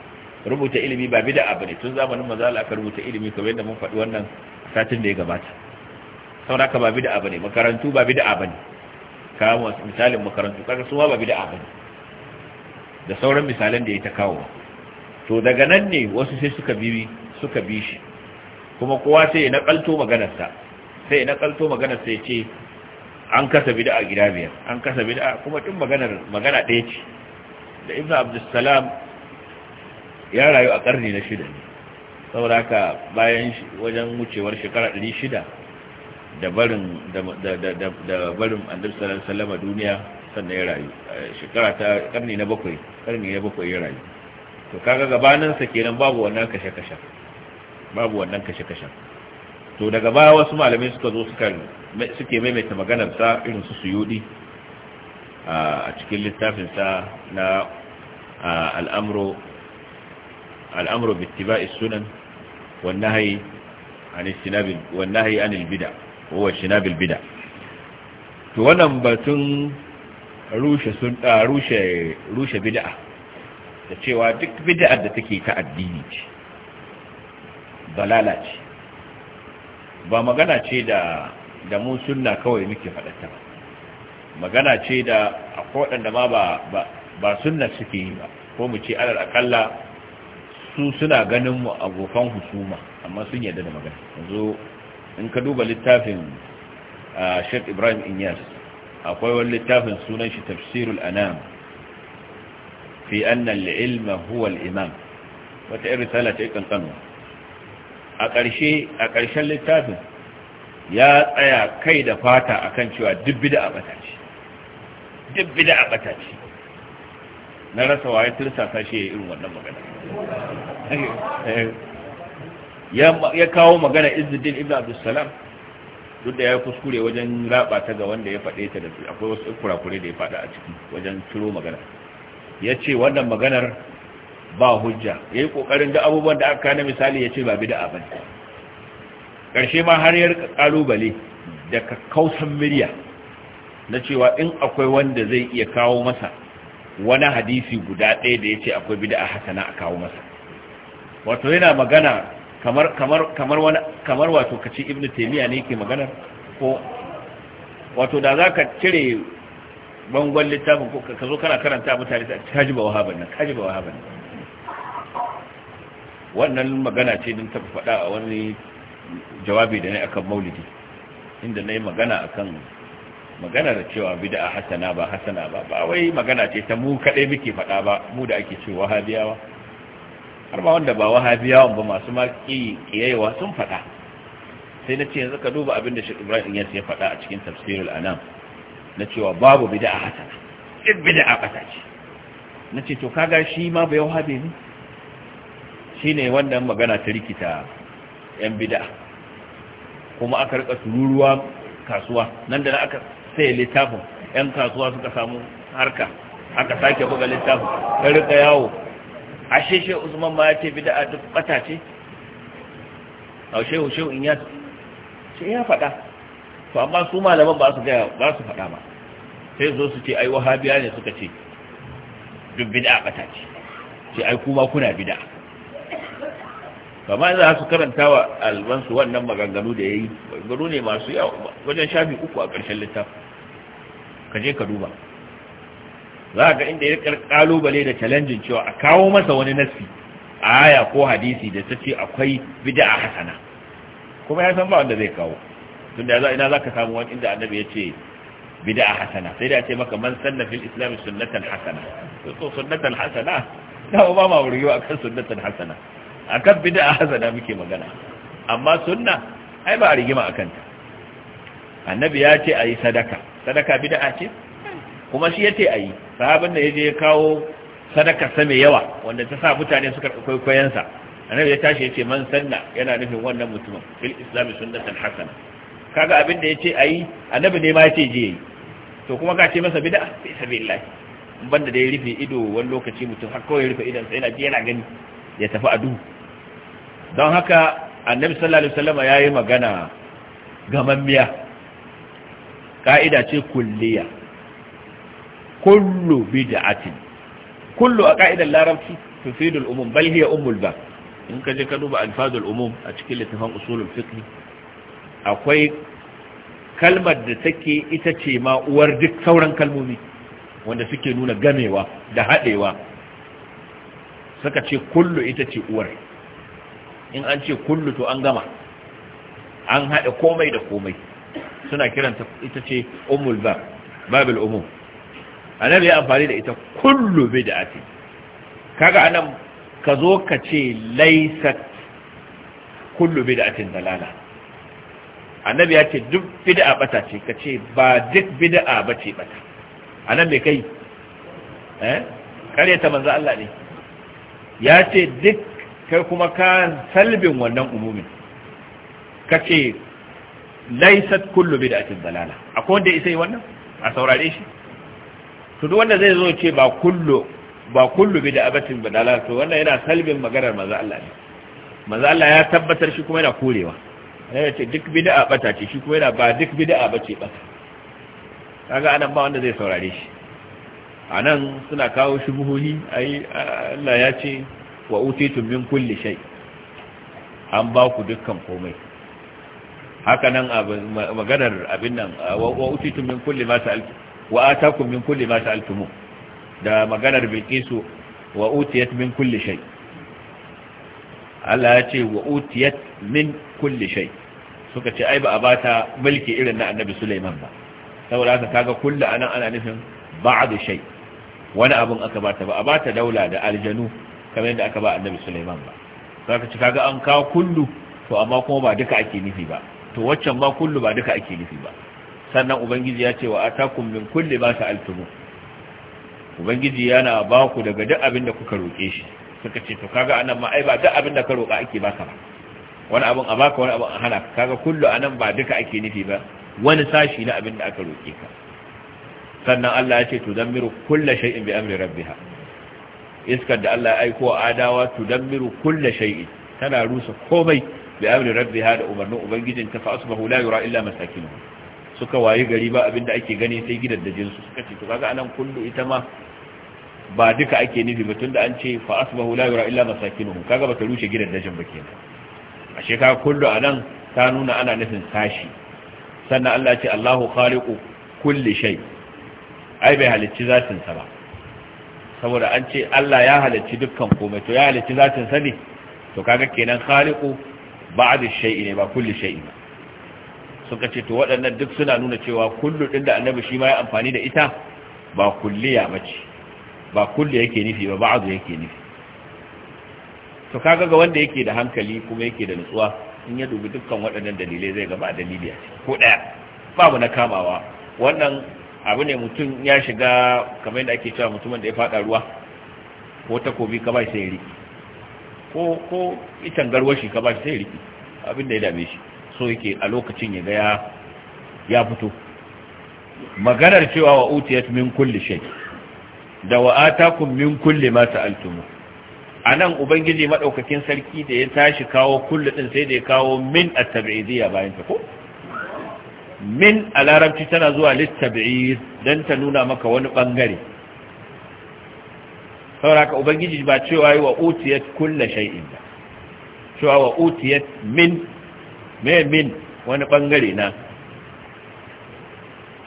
rubuta ilimi ba bid'a bane tun zamanin maza Allah aka rubuta ilimi kamar yadda mun faɗi wannan satin da ya gabata saboda ka ba bid'a bane makarantu ba bid'a bane kawo misalin makarantu kaga su ma ba bid'a bane da sauran misalan da ya ta kawo to daga nan ne wasu sai suka bi suka bi shi kuma kowa sai ya nakalto maganarsa sai ya nakalto maganarsa ya ce an kasa bid'a gida biyar an kasa bid'a kuma tun maganar magana ɗaya ce da ibnu abdussalam ya rayu a karni na shida ne saboda haka bayan wajen wucewar shekara 600 da barin da barin annabi sallallahu alaihi wasallam duniya sannan ya rayu shekara ta karni na bakwai karni na bakwai ya rayu to kaga gabanin sa kenan babu wannan kashe kashe babu wannan kashe kashe to daga baya wasu malamai suka zo suka suke maimaita maganar sa irin su suyudi a cikin littafin sa na al'amru al'amru bi ittiba'i sunan wan nahyi an istinabi wan nahyi anil bid'a huwa shinabil bid'a to wannan batun rushe sun ah, rushe rushe bid'a da cewa duk bid'a da take ta addini ce balala ce ba magana ce da da mu sunna kawai muke faɗata ba magana ce da akwai waɗanda ma ba ba sunna suke yi ba ko mu ce alal akalla su suna ganin mu abokan husuma amma sun yarda da magana yanzu in ka duba littafin ah, Sheikh Ibrahim Inyas akwai wani littafin sunan shi tafsirul anam fi annal ilma huwal al-imam wata irin risala ta kankanu a a ƙarshen littafin ya tsaya kai da fata akan cewa dubbi da bata ce duk bid'a bata ce na rasa waye tursasa shi ya irin wannan magana eh, eh. ya kawo magana Izudin ibn Abdul Salam duk da ya kuskure wajen raba ta ga wanda ya faɗe ta da su akwai wasu kurakure da ya faɗa a ciki wajen ciro magana ya ce wannan maganar ba hujja ya yi ƙoƙarin da abubuwan da aka kana misali ya ce ba bi da abin ƙarshe ma har yar ƙalubale da kausan miliya. na cewa in akwai wanda zai iya kawo masa wani hadisi guda ɗaya da ya ce akwai bi da a hasana a kawo masa wato yana magana kamar kamar kamar wani kamar wato kace ibnu taymiya ne yake magana ko wato da zaka cire bangon littafin ko ka zo kana karanta mutane ta kajiba wahaban nan kajiba wahaban wannan magana ce din ta faɗa a wani jawabi da ne akan maulidi inda nayi magana akan magana da cewa bid'a hasana ba hasana ba ba wai magana ce ta mu kadai muke faɗa ba mu da ake cewa wahabiyawa har ba wanda ba wahabiyawan ba masu maki kiyayewa sun faɗa sai na ce yanzu ka duba abinda da shi ibrahim ya faɗa a cikin tafsirul anam na cewa babu bid'a hasana duk bid'a bata ce na ce to kaga shi ma ba wahabi ne shine wannan magana ta rikita yan bid'a kuma aka rika sururuwa kasuwa nan da aka sai littafin yan kasuwa suka samu harka aka sake buga littafin ka rika yawo ashe shi usman ma ya ce bid'a duk bata ce a shehu in ya ce ya faɗa to amma su malaman ba su gaya ba su faɗa ba sai zo su ce ai wahabiya ne suka ce duk bida'a bata ce ce ai kuma kuna bida'a? kamar za su karanta wa albansu wannan maganganu da ya yi maganganu ne masu yawa wajen shafi uku a ƙarshen littafi ka je ka duba za ga inda ya kalubale da challenge cewa a kawo masa wani nassi aya ko hadisi da ta ce akwai bid'a hasana kuma ya san ba wanda zai kawo tunda za ina zaka samu wani inda annabi ya ce bid'a hasana sai da ce maka man sanna fil islam sunnatan hasana to sunnatan hasana da ba ma wuriyo akan sunnatan hasana akan bid'a hasana muke magana amma sunna ai ba a rigima akan ta annabi ya ce ayi sadaka sadaka bid'a ce kuma shi yace ayi sahabin da yaje ya kawo sadaka same yawa wanda ta sa mutane suka kwaikwayon sa annabi ya tashi yace man sanna yana nufin wannan mutumin fil islami sunnatan hasana kaga abin da yace ayi annabi ne ma yace je yi to kuma ka ce masa bid'a fi sabilillah banda da ya rufe ido wani lokaci mutum har kawai ya rufe idan sa yana ji yana gani ya tafi a duhu don haka annabi sallallahu alaihi wasallama yayi magana gamammiya ka'ida ce kulliya kullu bid'atin kullu a ka'idar larabci tufidul umum bal hiya ummul ba in ka je ka duba alfazul umum a cikin littafin usulul fiqh akwai kalmar da take ita ce ma uwar duk sauran kalmomi wanda suke nuna gamewa da haɗewa suka ce kullu ita ce uwar in an ce kullu to an gama an haɗa komai da komai suna kiranta ita ce umul ba babil umum annabi ya amfani da ita kullu bid'ati kaga anan ka zo ka ce laysat kullu bid'atin dalala annabi ya ce duk bid'a bata ce ka ce ba duk bid'a bace bata anan me kai eh kare ta manzo Allah ne ya ce duk kai kuma ka salbin wannan umumin ka ce laysat kullu bid'atin dalala akwai wanda ya sai wannan a saurare shi to duk wanda zai zo ce ba kullu ba kullu bi da abatin badala to wannan yana salbin maganar manzo Allah ne manzo Allah ya tabbatar shi kuma yana korewa yana ce duk bid'a bata ce shi kuma yana ba duk bid'a bace ba kaga anan ba wanda zai saurare shi anan suna kawo shubuhi ai Allah ya ce wa utitu min kulli shay an ba ku dukkan komai haka nan maganar abin nan wa utitu min kulli ma sa'altu wa atakum min kulli ma sa'altumu da maganar bilqisu wa utiyat min kulli shay Allah ya ce wa utiyat min kulli shay suka ce ai ba a bata mulki irin na Annabi Sulaiman ba saboda haka kaga kullu anan ana nufin ba'd shay wani abun aka bata ba a bata daula da aljanu kamar yadda aka ba Annabi Sulaiman ba zaka ci kaga an kawo kullu to amma kuma ba duka ake nufi ba to waccan ma kullu ba duka ake nufi ba sannan ubangiji ya ce wa atakum min kulli ma sa'altum ubangiji yana ba ku daga duk abinda kuka roke shi suka ce to kaga anan ma ai ba duk abinda ka roka ake baka ba wani abin a baka wani abin a hana kaga kullu anan ba duka ake nufi ba wani sashi na abinda aka roke ka sannan Allah ya ce tudammiru kulli shay'in bi amri rabbiha iskar da Allah ya aiko adawa tudammiru kulli shay'in tana rusa komai bi amri rabbiha da umarnin ubangijin ta fa asbahu la yura illa masakinuhu suka wayi gari ba abinda ake gani sai gidaddajin su suka ce to kaga anan kullu ita ma ba duka ake nufi ba da an ce fa asbahu la yura illa masakinuhu kaga bata rushe gidaddajin ba kenan ashe kaga kullu anan ta nuna ana nufin sashi sannan Allah ce Allahu khaliqu kulli shay ai bai halicci zatin sa ba saboda an ce Allah ya halicci dukkan komai to ya halicci zatin sa ne to kaga kenan khaliqu ba'd shay'i ne ba kulli shay'i ba suka ce to waɗannan duk suna nuna cewa kullu ɗin da annabi shi ma ya amfani da ita ba kulliya ba ce ba kulli yake nufi ba ba'adu yake nufi to kaga ga wanda yake da hankali kuma yake da nutsuwa in ya dubi dukkan waɗannan dalilai zai gaba dalili a ko ɗaya babu na kamawa wannan abu ne mutum ya shiga kamar yadda ake cewa mutumin da ya faɗa ruwa ko takobi ka ba shi sai riki ko ko itan garwashi ka ba shi sai riki abin da ya dame shi so yake a lokacin ya ga ya fito maganar cewa wa utiyat min kulli shay da wa atakum min kulli ma ta'altum anan ubangiji madaukakin sarki da ya tashi kawo kullu din sai da ya kawo min at-tab'idiyya bayan ta ko min al larabci tana zuwa lit-tab'id dan ta nuna maka wani bangare sauraka ubangiji ba cewa wa utiyat kulli shay'in ba cewa wa utiyat min me min wani bangare na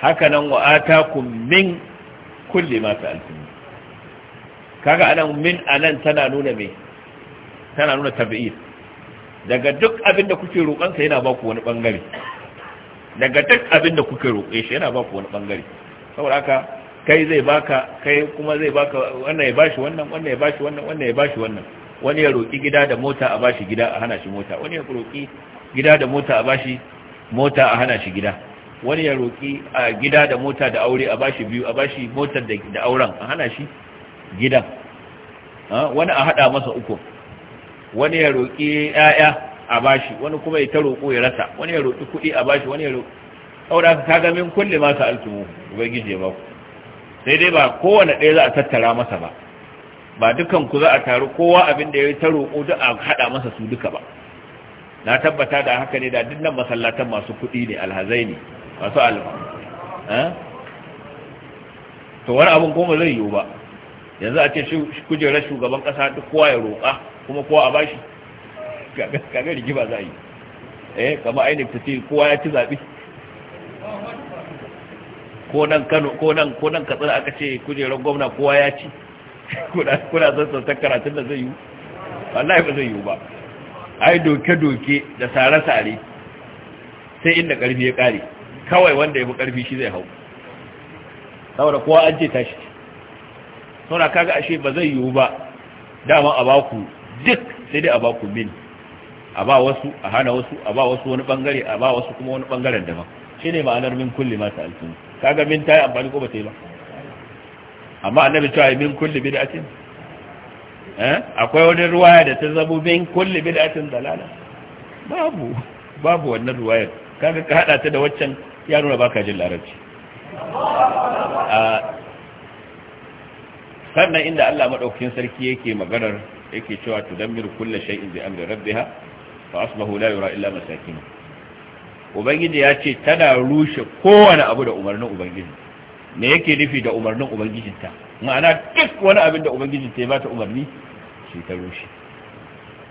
hakanan wa ku min kulli ma sa'altum kaga anan min anan tana nuna me tana nuna tabi'id daga duk abinda kuke roƙon sa yana baku wani bangare daga duk abinda kuke roƙe shi yana baku wani bangare saboda haka kai zai baka kai kuma zai baka wannan ya bashi wannan wannan ya bashi wannan wannan ya bashi wannan wani ya roƙi gida da mota a bashi gida a hana shi mota wani ya roƙi gida da mota a bashi mota a hana shi gida wani ya roƙi a gida da mota da aure a bashi biyu a bashi motar da auren a hana shi gidan wani a haɗa masa uku wani ya roƙi 'ya'ya a bashi wani kuma ya ta roƙo ya rasa wani ya roƙi kuɗi a bashi wani ya roƙi aure ka ga min kulle masa sa'altumu ubangiji gije baku sai dai ba kowane ɗaya za a tattara masa ba ba dukan ku za a taru kowa abin da ya ta roƙo duk a haɗa masa su duka ba na tabbata da haka ne da duk nan masallatan masu kuɗi ne alhazai ne masu alfa to wani abin kuma zai yiwu ba yanzu a ce kujerar shugaban ƙasa duk kowa ya roƙa kuma kowa a bashi kaga rigima za a yi eh kama ainihin ce kowa ya ci zaɓe ko nan kano ko nan ko nan katsina aka ce kujerar gwamna kowa ya ci kuna zan sassan karatun da zai yiwu wallahi ba zai yiwu ba ai doke-doke da sare-sare sai inda ƙarfi ya ƙare kawai wanda ya fi ƙarfi shi zai hau saboda kowa an ce tashi saboda kaga ashe ba zai yiwu ba dama a baku duk sai dai a baku min a ba wasu a hana wasu a ba wasu wani bangare a ba wasu kuma wani bangaren daban shi ne ma'anar min kulli ma ta alfin kaga min ta yi amfani ko ba ta yi ba amma annabi cewa min kulli bid'atin Eh? akwai wani ruwaya da ta zamo bin kulli bid'atin dalala babu babu wannan ruwaya kaga ka hada ta da waccan ya nuna baka jin larabci sannan inda Allah madaukakin sarki yake maganar yake cewa tudammiru kulli shay'in bi amri rabbiha fa asbahu la yura illa masakin ubangiji ya ce tana rushe kowane abu da umarnin ubangiji me yake nufi da umarnin ubangijinta ma'ana duk wani abin da ubangijinta ya bata umarni shi ta rushe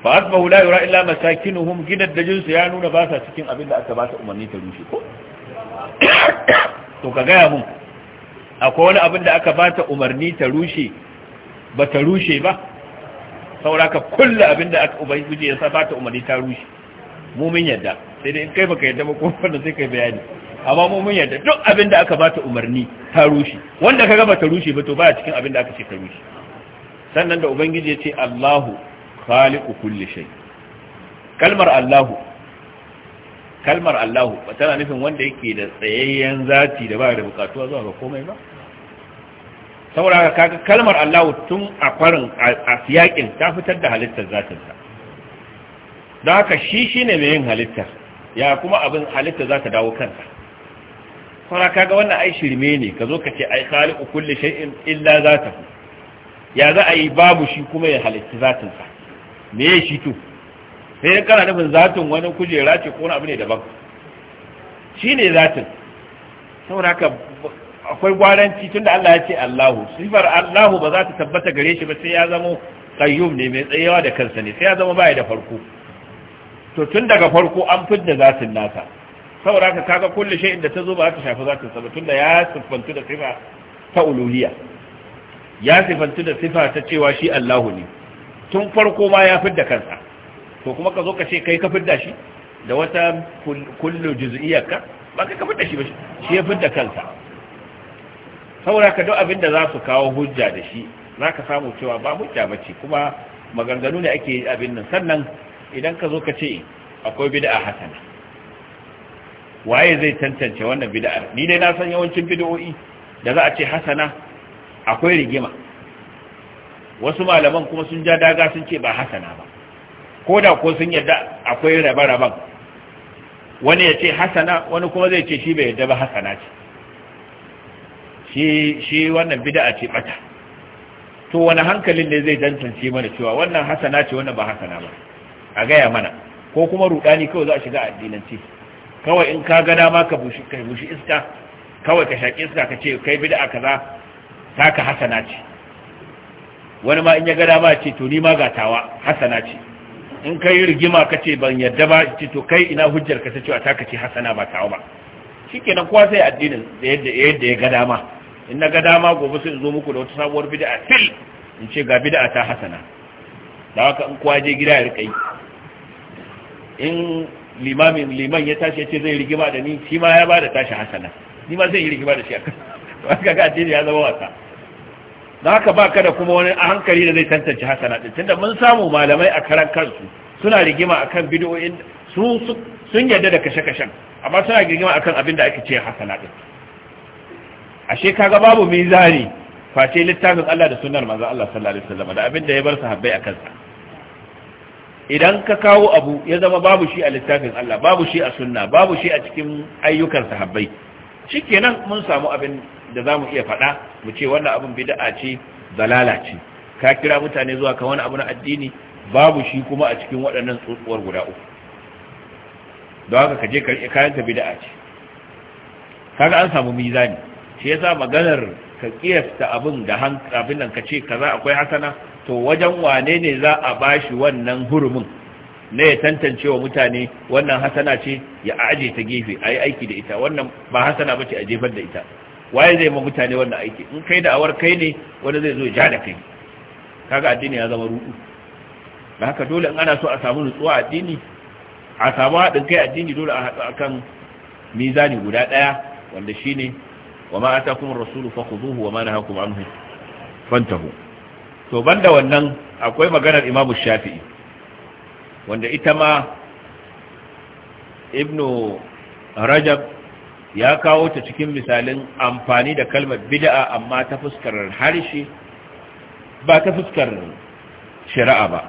fa asbahu la yura illa masakinuhum gidaddajin dajinsu ya nuna ba sa cikin abin da aka ba su umarni ta rushe ko to ka gaya mun akwai wani abin da aka ba ta umarni ta rushe ba ta rushe ba saura ka kulle abin da aka ubangiji ya sa ba ta umarni ta rushe mumin yadda sai dai in kai baka yadda ba ko wanda sai kai bayani amma mumin yadda duk abin da aka ba ta umarni ta rushe wanda kaga ba ta rushe ba to baya cikin abin da aka ce ta rushe sannan da ubangiji ya ce Allahu khaliqu kulli shay kalmar Allahu kalmar Allahu ba tana nufin wanda yake da tsayayyen zati da ba da bukatuwa zuwa ga komai ba saboda kaga kalmar Allahu tun a farin a siyakin ta fitar da halittar zatinsa don haka shi shine mai yin halittar ya kuma abin halitta za ta dawo kansa saboda kaga wannan ai shirme ne ka zo ka ce ai khaliqu kulli shay'in illa zatahu ya za a yi babu shi kuma ya halitta zatinsa me ya shi to sai in kana nufin zatin wani kujera ce ko wani abu ne daban shi ne zatin saboda haka akwai gwaranci tunda Allah ya ce Allahu sifar Allahu ba za ta tabbata gare shi ba sai ya zama qayyum ne mai tsayawa da kansa ne sai ya zama bai da farko to tun daga farko an fidda zatin nasa saboda haka kaga kullu shay'in da tazo ba ta shafi zatin sa ba tunda ya siffantu da sifa ta uluhiyya ya sifantu da sifa ta cewa shi Allahu ne tun farko ma ya fidda kansa to kuma ka zo ka ce kai ka fidda shi da wata kullu juz'iyyarka ba kai ka fidda shi ba shi ya fidda kansa saboda ka duk abin da za su kawo hujja da shi za ka samu cewa ba hujja ce kuma maganganu ne ake abin nan sannan idan ka zo ka ce akwai bid'a hasana waye zai tantance wannan bida'ar? ni dai na san yawancin bid'o'i da za a ce hasana akwai rigima wasu malaman kuma sun ja daga sun ce ba hasana ba ko da ko sun yadda akwai rabe-raben wani ya ce hasana wani kuma zai ce shi bai yadda ba hasana ce shi wannan bida'a ce bata to wani hankalin ne zai dantance mana cewa wannan hasana ce wannan ba hasana ba a gaya mana ko kuma rudani kawai za a shiga addinance kawai in ka ga dama ka bushi iska kawai ka shaƙi iska ka ce kai bid'a kaza taka hasana ce wani ma in ya gada ma ce to ni ma gatawa hasana ce in ka yi rigima ka ce ban yadda ba ce to kai ina hujjar ka ta cewa taka ce hasana ba tawa ba shi ke nan sai addinin da yadda ya gada ma in na gada ma gobe sai zo muku da wata sabuwar bid'a fil in ce ga bid'a ta hasana da haka in kowa je gida ya rika yi in limamin liman ya tashi ya ce zai rigima da ni shi ma ya ba da tashi hasana ni ma zai yi rigima da shi a kan ga addini ya zama wasa da haka ba ka da kuma wani a hankali da zai tantance haka na tunda mun samu malamai a karan kansu suna rigima akan bidiyoyin su sun yarda da kashe-kashen amma suna rigima akan abin da ake ce na din ashe kaga babu mizani face littafin Allah da sunnar manzon Allah sallallahu alaihi wasallam da abin da ya bar sahabbai a kansa idan ka kawo abu ya zama babu shi a littafin Allah babu shi a sunna babu shi a cikin ayyukan sahabbai shikenan mun samu abin da za mu iya faɗa mu ce wannan abin bid'a ce dalala ce ka kira mutane zuwa kan wani abu na addini babu shi kuma a cikin waɗannan tsotsuwar guda uku don haka ka je ka riƙe kayan ka bid'a ce kaga an samu mizani shi yasa maganar ka kiyasta abin da abin nan ka ce kaza akwai hasana to wajen wane ne za a bashi wannan hurumin na ya tantance wa mutane wannan hasana ce ya aje ta gefe a yi aiki da ita wannan ba hasana ba ce a jefar da ita waye zai ma mutane wannan aiki in kai da awar kai ne wani zai zo ja da kai kaga addini ya zama rudu da haka dole in ana so a samu nutsuwa addini a samu haɗin kai addini dole a haɗu akan mizani guda ɗaya wanda shine wa ma kuma rasulu kuzuhu wa ma nahakum anhu fantahu to banda wannan akwai maganar imamu shafi'i wanda ita ma ibnu rajab ya kawo ta cikin misalin amfani da kalmar bid'a amma ta fuskar harshe ba ta fuskar shari'a ba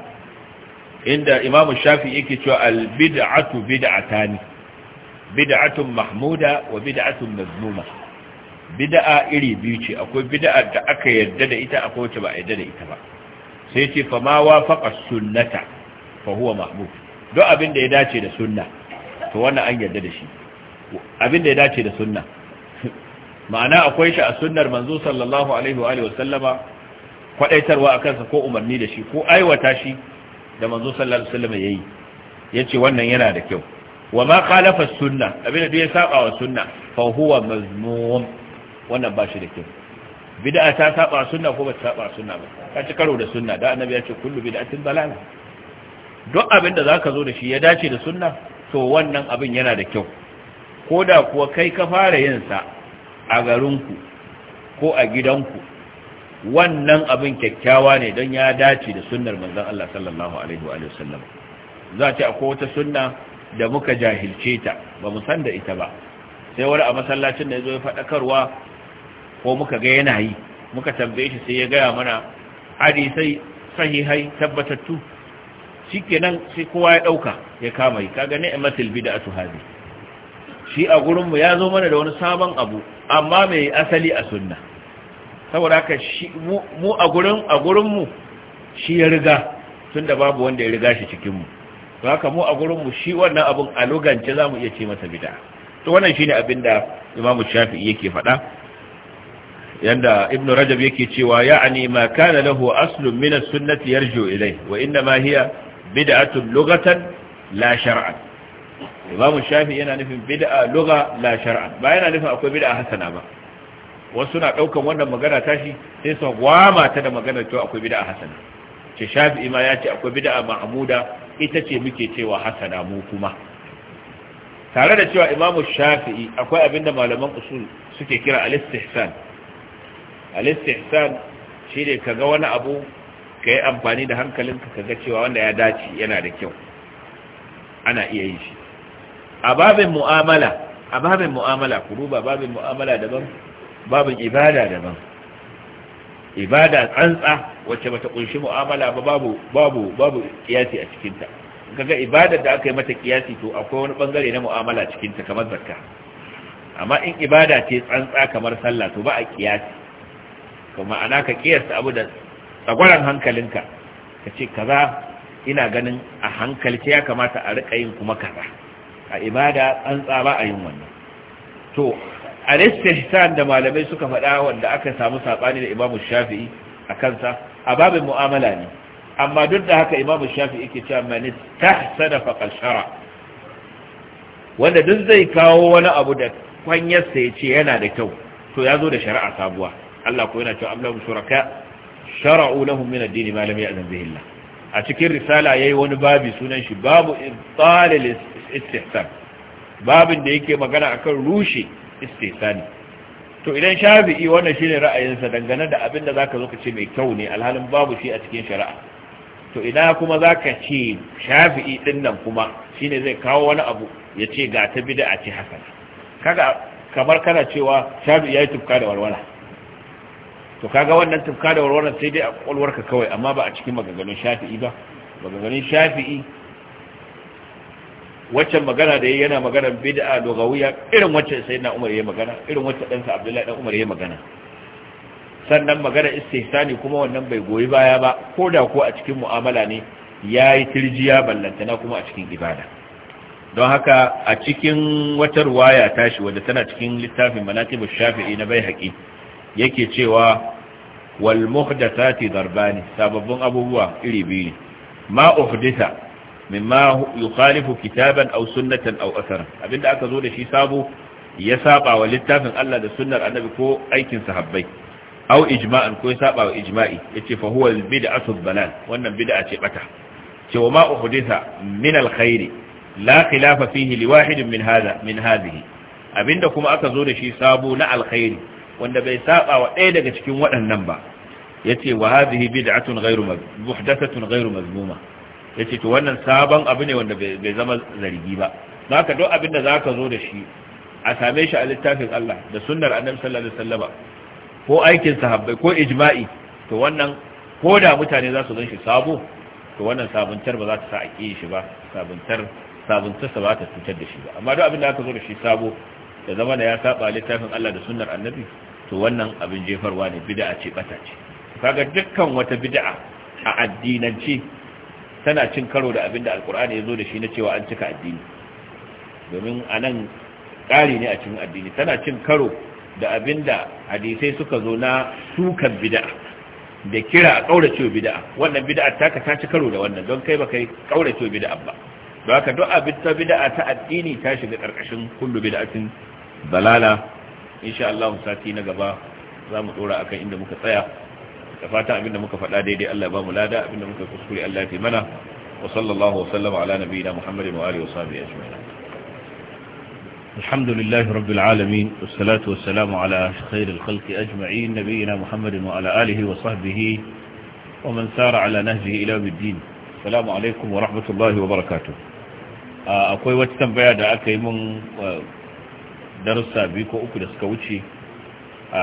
inda imamu shafi yake cewa albid'atu bid'atani bid'atun mahmuda wa bid'atun mazmuma bid'a iri biyu ce akwai bid'a da aka yarda da ita akwai wacce ba a yarda da ita ba sai ce fa ma wafaqa sunnata fa huwa mahmud duk abin da ya dace da sunna to wannan an yarda da shi abin da ya dace da sunna ma'ana akwai shi a sunnar manzo sallallahu alaihi wa alihi wasallama kwadaitarwa akan sa ko umarni da shi ko aiwata shi da manzo sallallahu alaihi wasallama yayi yace wannan yana da kyau wa ma khalafa sunna abin da ya saba wa sunna fa huwa mazmum wannan ba shi da kyau bid'a ta saba sunna ko ba ta saba sunna ba ka ci karo da sunna da annabi ya ce kullu bid'atin dalala duk abin da zaka zo da shi ya dace da sunna to wannan abin yana da kyau ko da kuwa kai ka fara yin sa a garinku ko a gidanku wannan abin kyakkyawa ne don ya dace da sunnar manzon Allah sallallahu alaihi wa za ta akwai wata sunna da muka jahilce ta ba mu san da ita ba sai wani a masallacin da ya zo ya faɗakarwa ko muka ga yana yi muka tambaye shi sai ya gaya mana hadisai sahihai tabbatattu nan sai kowa ya ɗauka ya kama yi kaga ni'matul bid'atu hadi shi a gurinmu ya zo mana da wani sabon abu amma mai asali a sunna saboda haka shi mu a gurin shi ya riga da babu wanda ya riga shi cikinmu. Ba ka mu a gurinmu shi wannan abun a lugance mu iya ce masa bid'a to wannan shi ne abin da Imam Shafi'i yake faɗa yanda Ibn Rajab yake cewa ya'ani ma kana lahu aslun min as-sunnati yarju ilayhi wa inna ma hiya bid'atun lughatan la shar'an Imam Shafi yana nufin bid'a lugha la shar'an ba yana nufin akwai bid'a hasana ba wasu na daukan wannan magana tashi sai su gwama ta da magana cewa akwai bid'a hasana ce Shafi ma ya ce akwai bid'a mahmuda ita ce muke cewa hasana mu kuma tare da cewa Imam Shafi'i akwai abinda malaman usul suke kira al-istihsan al-istihsan shi ne kaga wani abu ka yi amfani da hankalinka ka ga cewa wanda ya dace yana da kyau ana iya yi shi a babin mu'amala a babin mu'amala ku duba babin mu'amala daban babin ibada daban ibada tsantsa wacce bata kunshi mu'amala ba babu babu babu kiyasi a cikin ta kaga ibadar da aka yi mata kiyasi to akwai wani bangare na mu'amala cikin ta kamar zakka amma in ibada ce tsantsa kamar sallah to ba a kiyasi kuma ana ka kiyasta abu da tsagwaron hankalinka ka ce kaza ina ganin a hankalce ya kamata a rika yin kuma kaza a ibada an tsaba a yin wannan to a ristihsan da malamai suka faɗa wanda aka samu saɓani da imamu shafi'i a kansa a babin mu'amala ne amma duk da haka imamu shafi'i ke cewa mani tahsana faqal shara wanda duk zai kawo wani abu da kwanyarsa ya ce yana da kyau to ya zo da shari'a sabuwa Allah ko yana cewa amlahu shuraka shara'u lahum min ad-din ma lam ya'zan bihi Allah a cikin risala yayi wani babi sunan shi babu ibtal istihsan babin da yake magana akan rushe istihsani to idan shafi'i wannan shine ra'ayinsa dangane da abin da zaka zo ka ce mai kyau ne alhalin babu shi a cikin shari'a to ina kuma zaka ce shafi'i din nan kuma shine zai kawo wani abu ya ce ga ta bid'a ce hasana kaga kamar kana cewa shafi'i yayi tufka da walwala to kaga wannan tufka da warwarar sai dai a kwalwarka kawai amma ba a cikin maganganun shafi'i ba maganganun shafi'i waccan magana da yana magana bid'a Dogawiya, irin waccan na Umar yayi magana irin waccan dan sa Abdullahi dan Umar yayi magana sannan magana istihsani kuma wannan bai goyi baya ba ko da ko a cikin mu'amala ne yayi tirjiya ballantana kuma a cikin ibada don haka a cikin wata ruwaya tashi wanda tana cikin littafin manaqib shafi'i na bai Baihaqi yake cewa wal muhdathati darbani sababbin abubuwa iri biyu ma uhditha mimma yukhalifu kitaban aw sunnatan aw athara abinda aka zo da shi sabo ya saba wa littafin Allah da sunnar annabi ko aikin sahabbai aw ijma'an ko ya saba wa ijma'i yace fa huwa al bid'atu dhalal wannan bid'a ce bata ce wa ma min al khair la khilafa fihi li wahid min hadha min hadhihi abinda kuma aka zo da shi sabo na alkhairi wanda bai saba wa ɗaya daga cikin waɗannan ba ya yace wa hadhihi bid'atun ghairu muhdathatun ghairu mazmuma ce to wannan sabon abu ne wanda bai zama zargi ba za ka duk abin da ka zo da shi a same shi a littafin Allah da sunnar annabi sallallahu alaihi wasallama ko aikin sahabbai ko ijma'i to wannan ko da mutane za su gan shi sabo to wannan sabuntar ba za ta sa a ƙi shi ba sabuntar sabuntar ba ta cutar da shi ba amma duk abin da aka zo da shi sabo da zama da ya saba littafin Allah da sunnar annabi to wannan abin jefarwa ne bid'a ce bata ce kaga dukkan wata bid'a a addinance tana cin karo da abin da alkur'ani ya zo da shi na cewa an cika addini domin a nan ƙari ne a cikin addini tana cin karo da abin da hadisai suka zo na sukan bida'a da kira a cewa bida'a wannan bida'a ta ka ci karo da wannan don kai ba kai cewa bida'a ba don haka duk abin ta bida'a ta addini ta shiga karkashin kullu bid'atin dalala insha Allah sati na gaba za mu dora akan inda muka tsaya da fata abinda muka faɗa daidai Allah ba mu lada abinda muka kuskure Allah ya fi mana wa sallallahu wa sallama ala nabiyina Muhammadin wa alihi wa sahbihi ajma'in alhamdulillahi rabbil alamin wassalatu salamu ala khairil khalqi ajma'in nabiyina Muhammadin wa ala alihi wa sahbihi wa man sara ala nahjihi ila biddin assalamu alaikum wa rahmatullahi wa barakatuh akwai wata tambaya da aka yi mun darussa biyu ko uku da suka wuce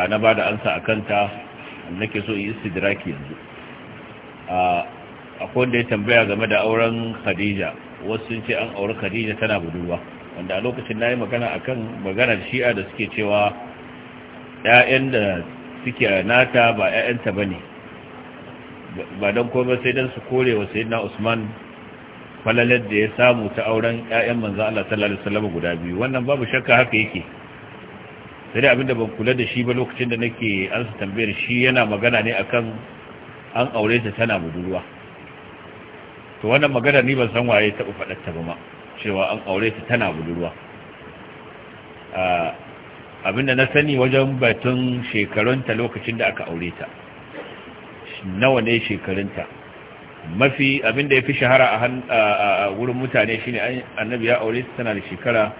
na ba da ansa a kanta nake so yi istidraki yanzu akwai wanda ya tambaya game da auren khadija wasu sun ce an auri khadija tana budurwa wanda a lokacin na yi magana a kan maganar shi'a da suke cewa 'ya'yan da suke nata ba 'ya'yanta ba ne ba don komai sai don su korewa wa usman falalar da ya samu ta auren ƴaƴan manzan Allah sallallahu alaihi wasallam guda biyu wannan babu shakka haka yake sai da abinda ban kula da shi ba lokacin da nake ansa tambayar shi yana magana ne akan an aure ta tana budurwa to wannan magana ni ban san waye ta faɗar ta ba cewa an aure ta tana budurwa abinda na sani wajen batun shekarunta lokacin da aka aure ta nawa ne shekarunta mafi abinda ya fi shahara a wurin mutane shi shine annabi ya aure tana da shekara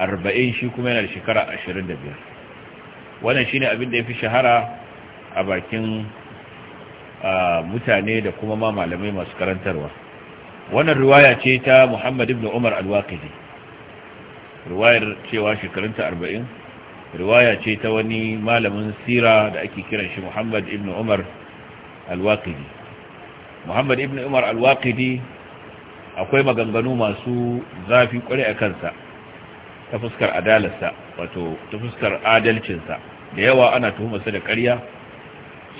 40 shi kuma yana da shekara 25 wannan shi shine abinda ya fi shahara a bakin mutane da kuma ma malamai masu karantarwa wannan riwaya ce ta Muhammad ibn Umar al-Waqidi riwayar cewa shekarunta 40 riwaya ce ta wani malamin sira da ake kiran shi Muhammad ibn Umar al-Waqidi muhammad ibn umar al-Waqidi akwai maganganu masu zafi kware a kansa ta fuskar adalarsa wato ta fuskar adalcinsa da yawa ana tuhumarsa da ƙarya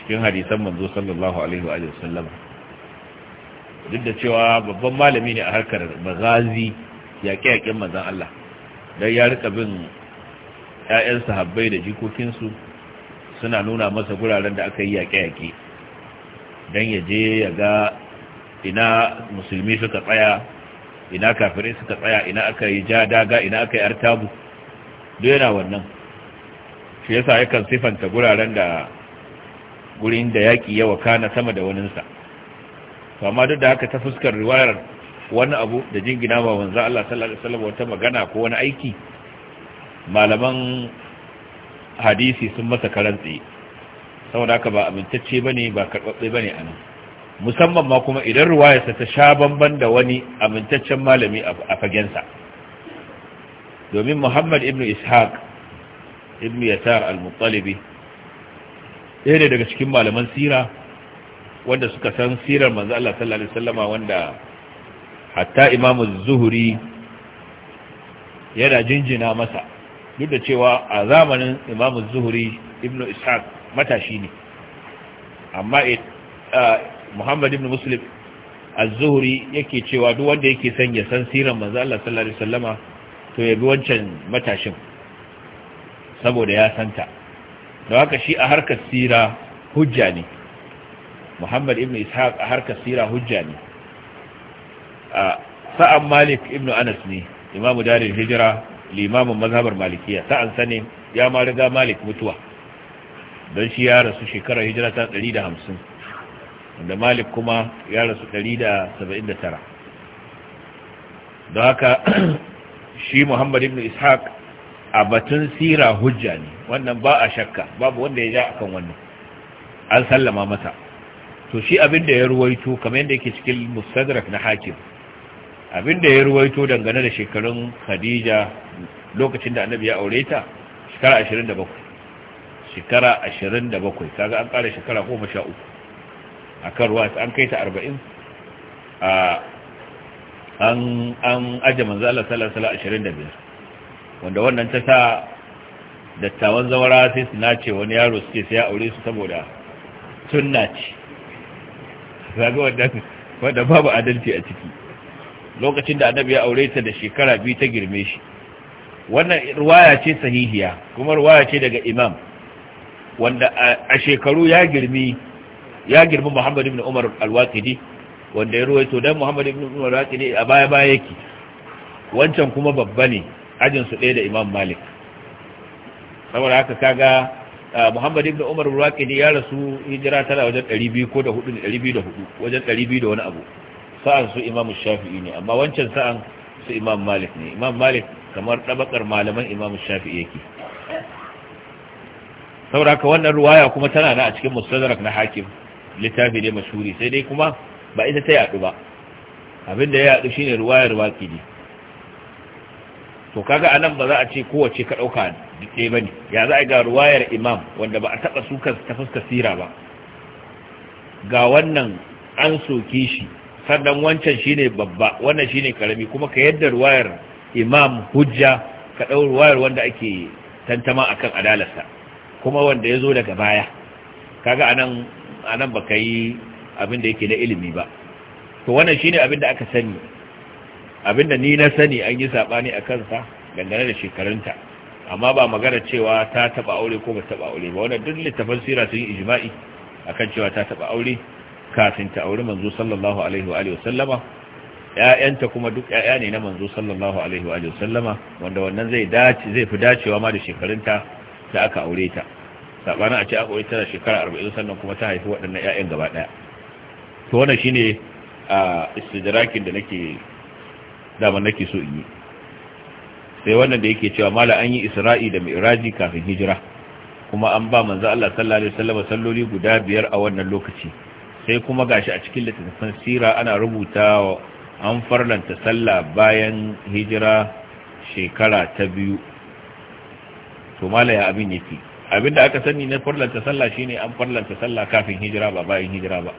cikin hadisan manzo sallallahu alaihi wa sallama duk da cewa babban malami ne a harkar magazi yaƙe-yaƙen manzan Allah don ya rika bin 'ya'yan sahabbai da jikokinsu suna nuna masa guraren da aka yi yaƙe-yaƙe Dan ya je ya ga ina musulmi suka tsaya ina kafirai suka tsaya ina aka yi ja daga ina aka yi artabu duk yana wannan shi yasa yakan sifanta guraren da gurin da yaƙi ya kana sama da waninsa to amma duk da haka ta fuskar riwayar wani abu da jingina ba wanzu Allah sallallahu alaihi wasallam wata magana ko wani aiki malaman hadisi sun masa karantsi saboda haka ba amintacce bane ba karɓaɓɓe bane a musamman ma kuma idan ruwayarsa ta sha bamban da wani amintaccen malami a fagensa domin muhammad ibn ishaq ibn yasar al-muttalibi ɗaya ne daga cikin malaman sira wanda suka san sirar manzo Allah sallallahu alaihi wasallama wanda hatta imamu zuhuri yana jinjina masa duk da cewa a zamanin imamu zuhuri ibn ishaq matashi ne amma eh, Muhammad ibn Muslim az-Zuhri yake cewa duk wanda yake son ya san sirran manzo Allah sallallahu alaihi wasallama to ya bi wancan matashin saboda ya santa don haka shi a harkar sira hujja ne Muhammad ibn Ishaq a harkar sira hujja ne sa'an Malik ibn Anas ne imamu darin hijira limamin mazhabar malikiya sa'an sane ya ma riga Malik mutuwa don shi ya rasu shekarar hijira ta 150 da malik kuma ya rasu 179 don haka shi muhammad ibn ishaq a batun sira hujja ne wannan ba a shakka babu wanda ya ja akan wannan an sallama mata. to shi abinda ya ruwaito kamar yadda yake cikin mustadrak na hakim Abinda ya ruwaito dangane da shekarun khadija lokacin da annabi ya aure ta shekara 27 shekara 27 kaga an ƙara shekara 13 a kan ruwa an kai ta 40 a an aje manzo Allah sallallahu alaihi wasallam 25 wanda wannan ta sa dattawan zawara sai su nace wani yaro suke sai aure su saboda sunna ce zaga wannan wanda babu adalci a ciki lokacin da annabi ya aure ta da shekara biyu ta girme shi wannan ruwaya ce sahihiya kuma ruwaya ce daga imam wanda a shekaru ya girmi ya girmi Muhammad ibn Umar al-Waqidi wanda ya ruwaito dan Muhammad ibn Umar al-Waqidi a baya baya yake wancan kuma babba ne ajin su ɗaya da Imam Malik saboda haka kaga Muhammad ibn Umar al-Waqidi ya rasu hijira tana wajen 200 ko da 4 da 204 wajen 200 da wani abu sa'an su Imam Shafi'i ne amma wancan sa'an su Imam Malik ne Imam Malik kamar dabakar malaman Imam Shafi'i yake saboda ka wannan ruwaya kuma tana da a cikin mustadrak na hakim littafi ne mashuri sai dai kuma ba ita ta yadu ba abinda ya yadu shine ruwayar waqidi to kaga anan ba za a ce kowace ka dauka dai bane ya za a ga ruwayar imam wanda ba a taba suka ta sira ba ga wannan an soke shi sannan wancan shine babba wannan shine karami kuma ka yadda ruwayar imam hujja ka dau ruwayar wanda ake tantama akan adalarsa kuma wanda ya zo daga baya kaga anan anan baka yi abin da yake na ilimi ba to wannan shine abin da aka sani abin da ni na sani an yi saɓani a kansa dangane da shekarunta amma ba magana cewa ta taba aure ko ba taba aure ba wannan duk littafin sira sun yi ijma'i akan cewa ta taba aure kafin ta aure manzo sallallahu alaihi wa alihi wasallama ƴaƴanta kuma duk ƴaƴa ne na manzo sallallahu alaihi wa alihi wanda wannan zai dace zai fi dacewa ma da shekarunta da aka aure ta sabana a ce aka wai tana shekara arba'in sannan kuma ta haifi waɗannan 'ya'yan gaba ɗaya to wannan shine a istidrakin da nake daman nake so in yi sai wannan da yake cewa mala an yi isra'i da mi'raji kafin hijira kuma an ba manzo Allah sallallahu alaihi wasallam salloli guda biyar a wannan lokaci sai kuma gashi a cikin littafin sira ana rubuta an farlanta sallah bayan hijira shekara ta biyu to mala ya abin yake Abin da aka sani na farlanta sallah shine an farlanta sallah kafin hijira ba bayan hijira ba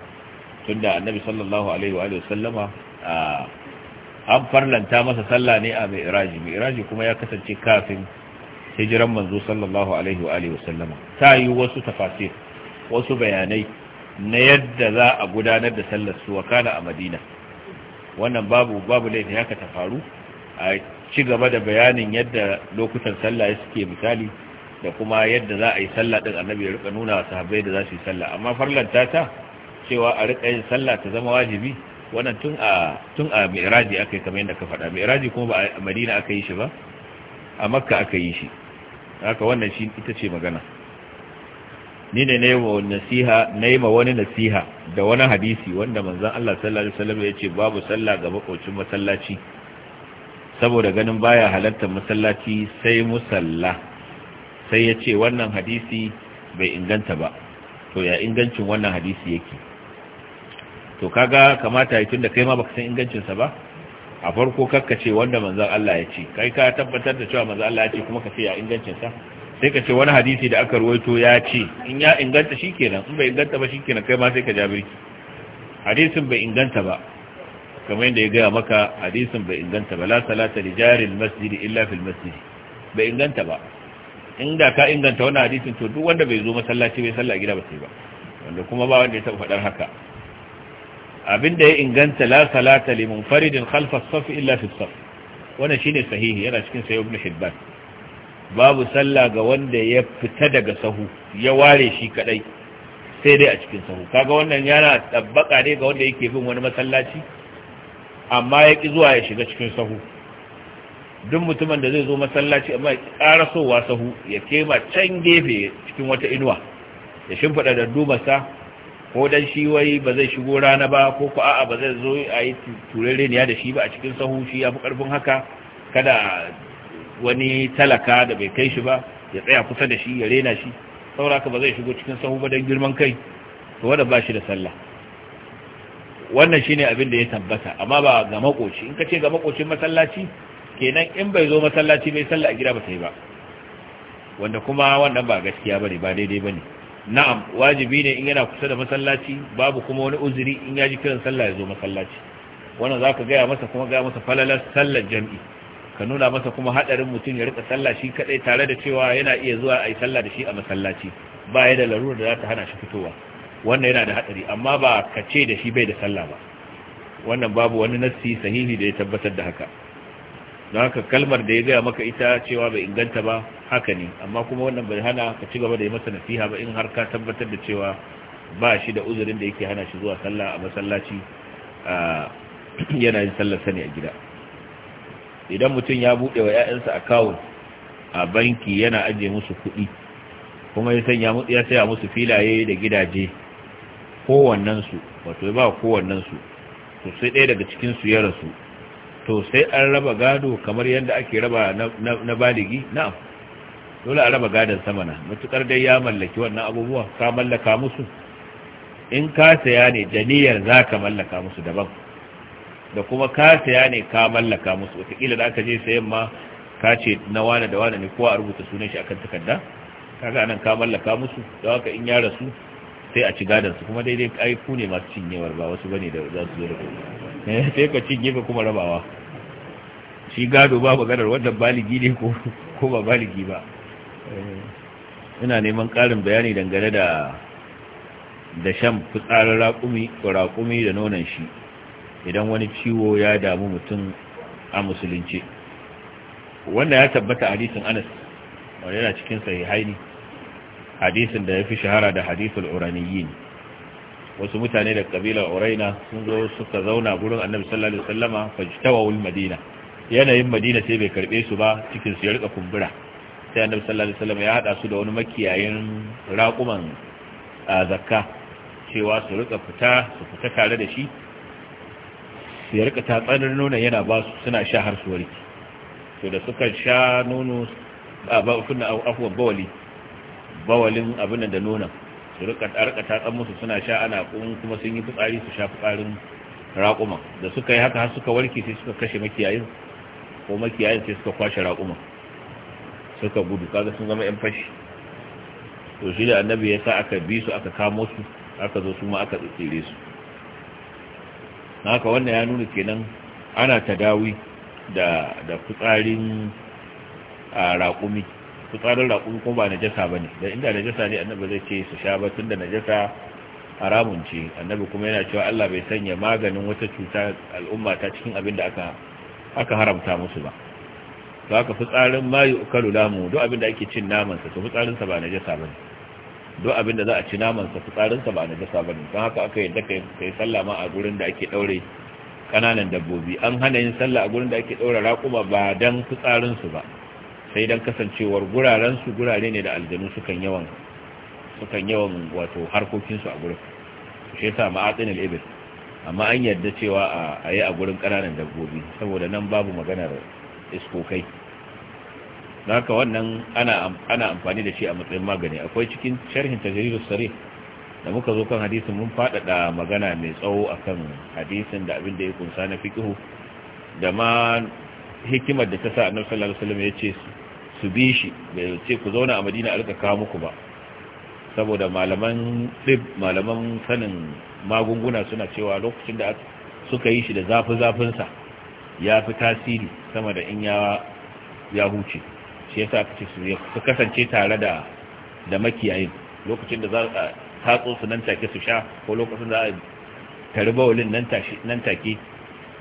tunda annabi sallallahu alaihi wa alihi sallama an farlanta masa sallah ne a mi'raj mi'raj kuma ya kasance kafin hijiran manzo sallallahu alaihi wa alihi sallama ta yi wasu tafasir wasu bayanai na yadda za a gudanar da sallar su wakana a Madina wannan babu babu laifi haka ta faru a ci gaba da bayanin yadda lokutan sallah suke misali da kuma yadda za a yi sallah din annabi ya rika nuna sahabbai da za su yi sallah amma farlanta ta cewa a rika yin sallah ta zama wajibi wannan tun a tun a mi'raji akai kamar yadda ka faɗa mi'raji kuma ba a Madina aka yi shi ba a Makka aka yi shi haka wannan shi ita ce magana ni ne na nasiha na wani nasiha da wani hadisi wanda manzon Allah sallallahu alaihi wasallam ya ce babu sallah ga makocin masallaci saboda ganin baya halartar masallaci sai musalla sai ya ce wannan hadisi bai inganta ba to ya ingancin wannan hadisi yake to kaga kamata tun da kai ma baka san ingancinsa ba a farko kakka ce wanda manzon Allah ya ce kai ka tabbatar da cewa manzon Allah ya ce kuma ka ce ya ingancinsa sai ka ce wani hadisi da aka ruwaito ya ce in ya inganta shi kenan in bai inganta ba shi kenan kai ma sai ka jabirki hadisin bai inganta ba kamar yadda ya gaya maka hadisin bai inganta ba la salata li jaril masjid illa fil masjid bai inganta ba inda ka inganta wannan hadisin to duk wanda bai zo masallaci bai sallah gida ba sai ba wanda kuma ba wanda ya taba faɗar haka abinda ya inganta la salata li munfaridin khalfa as-saf illa fi as-saf wannan shine sahihi yana cikin sahih ibn hibban babu sallah ga wanda ya fita daga sahu ya ware shi kadai sai dai a cikin sahu kaga wannan yana tabbaka ne ga wanda yake bin wani masallaci amma ya ki zuwa ya shiga cikin sahu duk mutumin da zai zo masallaci amma ya ƙarasowa sahu ya kema can gefe cikin wata inuwa ya shimfiɗa da dubarsa ko dan shi wai ba zai shigo rana ba ko ku a'a ba zai zo a yi ya da shi ba a cikin sahu shi ya fi ƙarfin haka kada wani talaka da bai kai shi ba ya tsaya kusa da shi ya rena shi sauraka ba zai shigo cikin sahu ba don girman kai to wanda ba shi da sallah wannan shine abin da ya tabbata amma ba ga makoci in ka ce ga makocin masallaci kenan in bai zo masallaci bai sallah a gida ba sai ba wanda kuma wannan ba gaskiya bane ba daidai bane na'am wajibi ne in yana kusa da masallaci babu kuma wani uzuri in ya ji kiran sallah ya zo masallaci wannan zaka gaya masa kuma gaya masa falalar sallar jami'i ka nuna masa kuma hadarin mutum ya rika sallah shi kadai tare da cewa yana iya zuwa ayi sallah da shi a masallaci ba ya da larura da za ta hana shi fitowa wannan yana da hadari amma ba ka ce da shi bai da sallah ba wannan babu wani nassi sahihi da ya tabbatar da haka don haka kalmar da ya gaya maka ita cewa bai inganta ba haka ne amma kuma wannan bai hana ka ci gaba da yi masa nasiha ba in har ka tabbatar da cewa ba shi da uzurin da yake hana shi zuwa sallah a masallaci yana yin sallar sani a gida idan mutum ya buɗe wa 'ya'yansa akawun a banki yana ajiye musu kuɗi kuma ya sanya ya saya musu filaye da gidaje kowannensu wato ba kowannensu to sai ɗaya daga cikin su ya rasu to sai an raba gado kamar yadda ake raba na baligi na'am dole a raba gadon sama na matukar dai ya mallaki wannan abubuwa ka mallaka musu in ka saya ne da za ka mallaka musu daban da kuma ka saya ne ka mallaka musu watakila da aka je sayan ma ka ce na wane da wane ne kowa a rubuta sunan shi akan takarda Ka ga nan ka mallaka musu da haka in ya rasu sai a ci gadon su kuma daidai ai ku ne masu cinyewar ba wasu bane da za su zo da kuma Eh, sai ka cin gefe kuma rabawa shi gado ba maganar wadda baligi ne ko ba baligi ba eh, ina neman ƙarin bayani dangane da da shan fitsarin raƙumi raƙumi da nonon shi idan wani ciwo ya damu mutum a musulunci wanda ya tabbata hadisin anas wanda yana cikin sahihaini hadisin da ya fi shahara da hadisul ne. wasu mutane da kabilar Uraina sun zo suka zauna gurin Annabi sallallahu alaihi wasallama fajtawul Madina yanayin Madina sai bai karbe su ba cikin su ya rika kumbura sai Annabi sallallahu alaihi wasallama ya hada su da wani makiyayin raƙuman zakka cewa su rika fita su fita tare da shi su ya rika tatsanar nuna yana ba su suna sha har su warke to da suka sha nono ba kunna afwan bawali bawalin abin da nonon su rika tarka tatsan musu suna sha ana kun kuma sun yi fitsari su sha fitsarin raƙuma da suka yi haka har suka warke sai suka kashe makiyayin ko makiyayin sai suka kwashe raƙuma suka gudu kaga sun zama yan fashi to shi da annabi ya sa aka bi su aka kamo su aka zo su ma aka tsire su haka wannan ya nuna kenan ana tadawi da da fitsarin raƙumi tsarin raƙumi ko ba na jasa ba ne da inda na jasa ne annabi zai ce su sha ba tun da na jasa haramun ce annabi kuma yana cewa Allah bai sanya maganin wata cuta al'umma ta cikin abin da aka haramta musu ba to haka fitsarin mayu ukalu lamu duk abin da ake cin naman sa to fitsarin sa ba jasa ba ne duk abin da za a ci naman sa fitsarin sa ba jasa ba ne don haka aka yadda kai kai sallah ma a gurin da ake daure kananan dabbobi an hana yin sallah a gurin da ake ɗaure raƙuma ba dan fitsarin su ba sai dan kasancewar guraren gurare ne da aljanu sukan yawan sukan yawan wato harkokin su a gurin shi ta ma'atin al amma an yarda cewa a yi a gurin kananan dabbobi saboda nan babu maganar iskokai haka wannan ana amfani da shi a matsayin magani akwai cikin sharhin tajridus sarih da muka zo kan hadisin mun faɗaɗa magana mai tsawo akan hadisin da abin da ya kunsa na fiqhu da ma hikimar da ta sa annabi sallallahu alaihi wasallam ya ce su bi shi bai ce ku zauna a madina a rika kawo muku ba saboda malaman tsib malaman sanin magunguna suna cewa lokacin da suka yi shi da zafi-zafinsa ya fi tasiri sama da in ya huce shi yasa ka ce su kasance tare da da makiyayin lokacin da za a tatso su nan take su sha ko lokacin da za a tari bawalin nan take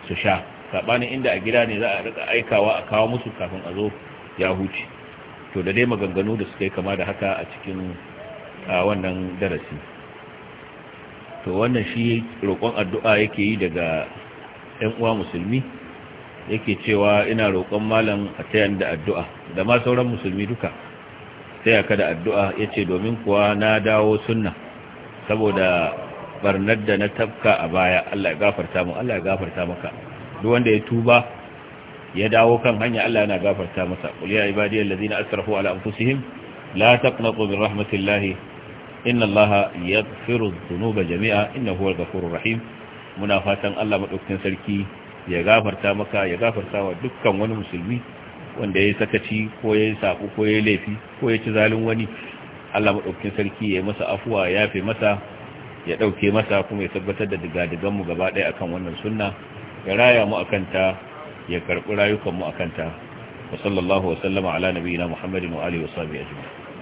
su sha saɓanin inda a gida ne za a rika aikawa a kawo musu kafin a zo ya huce to da dai maganganu da suka yi kama da haka a cikin wannan darasi to wannan shi roƙon addu'a yake yi daga 'yan uwa musulmi yake cewa ina roƙon malam a tayan da addu'a da ma sauran musulmi duka sai aka da addu'a ya ce domin kuwa na dawo sunna saboda barnar da na tafka a baya Allah ya gafarta mu Allah ya gafarta maka duk wanda ya tuba ya dawo kan hanya Allah yana gafarta masa qul ya ibadiyal ladina asrafu ala anfusihim la taqnatu min rahmatillahi inna allaha yaghfiru dhunuba jami'a innahu huwal ghafurur rahim muna fatan Allah madaukakin sarki ya gafarta maka ya gafarta wa dukkan wani musulmi wanda ya sakaci ko ya saku ko ya laifi ko ci zalin wani Allah madaukakin sarki ya masa afuwa ya fi masa ya dauke masa kuma ya tabbatar da digadigan mu gaba ɗaya akan wannan sunna ya raya mu akan ta ya karɓi rayukanmu a kanta wa sallallahu wa sallama ala nabiyina muhammadin wa alihi wa sahbihi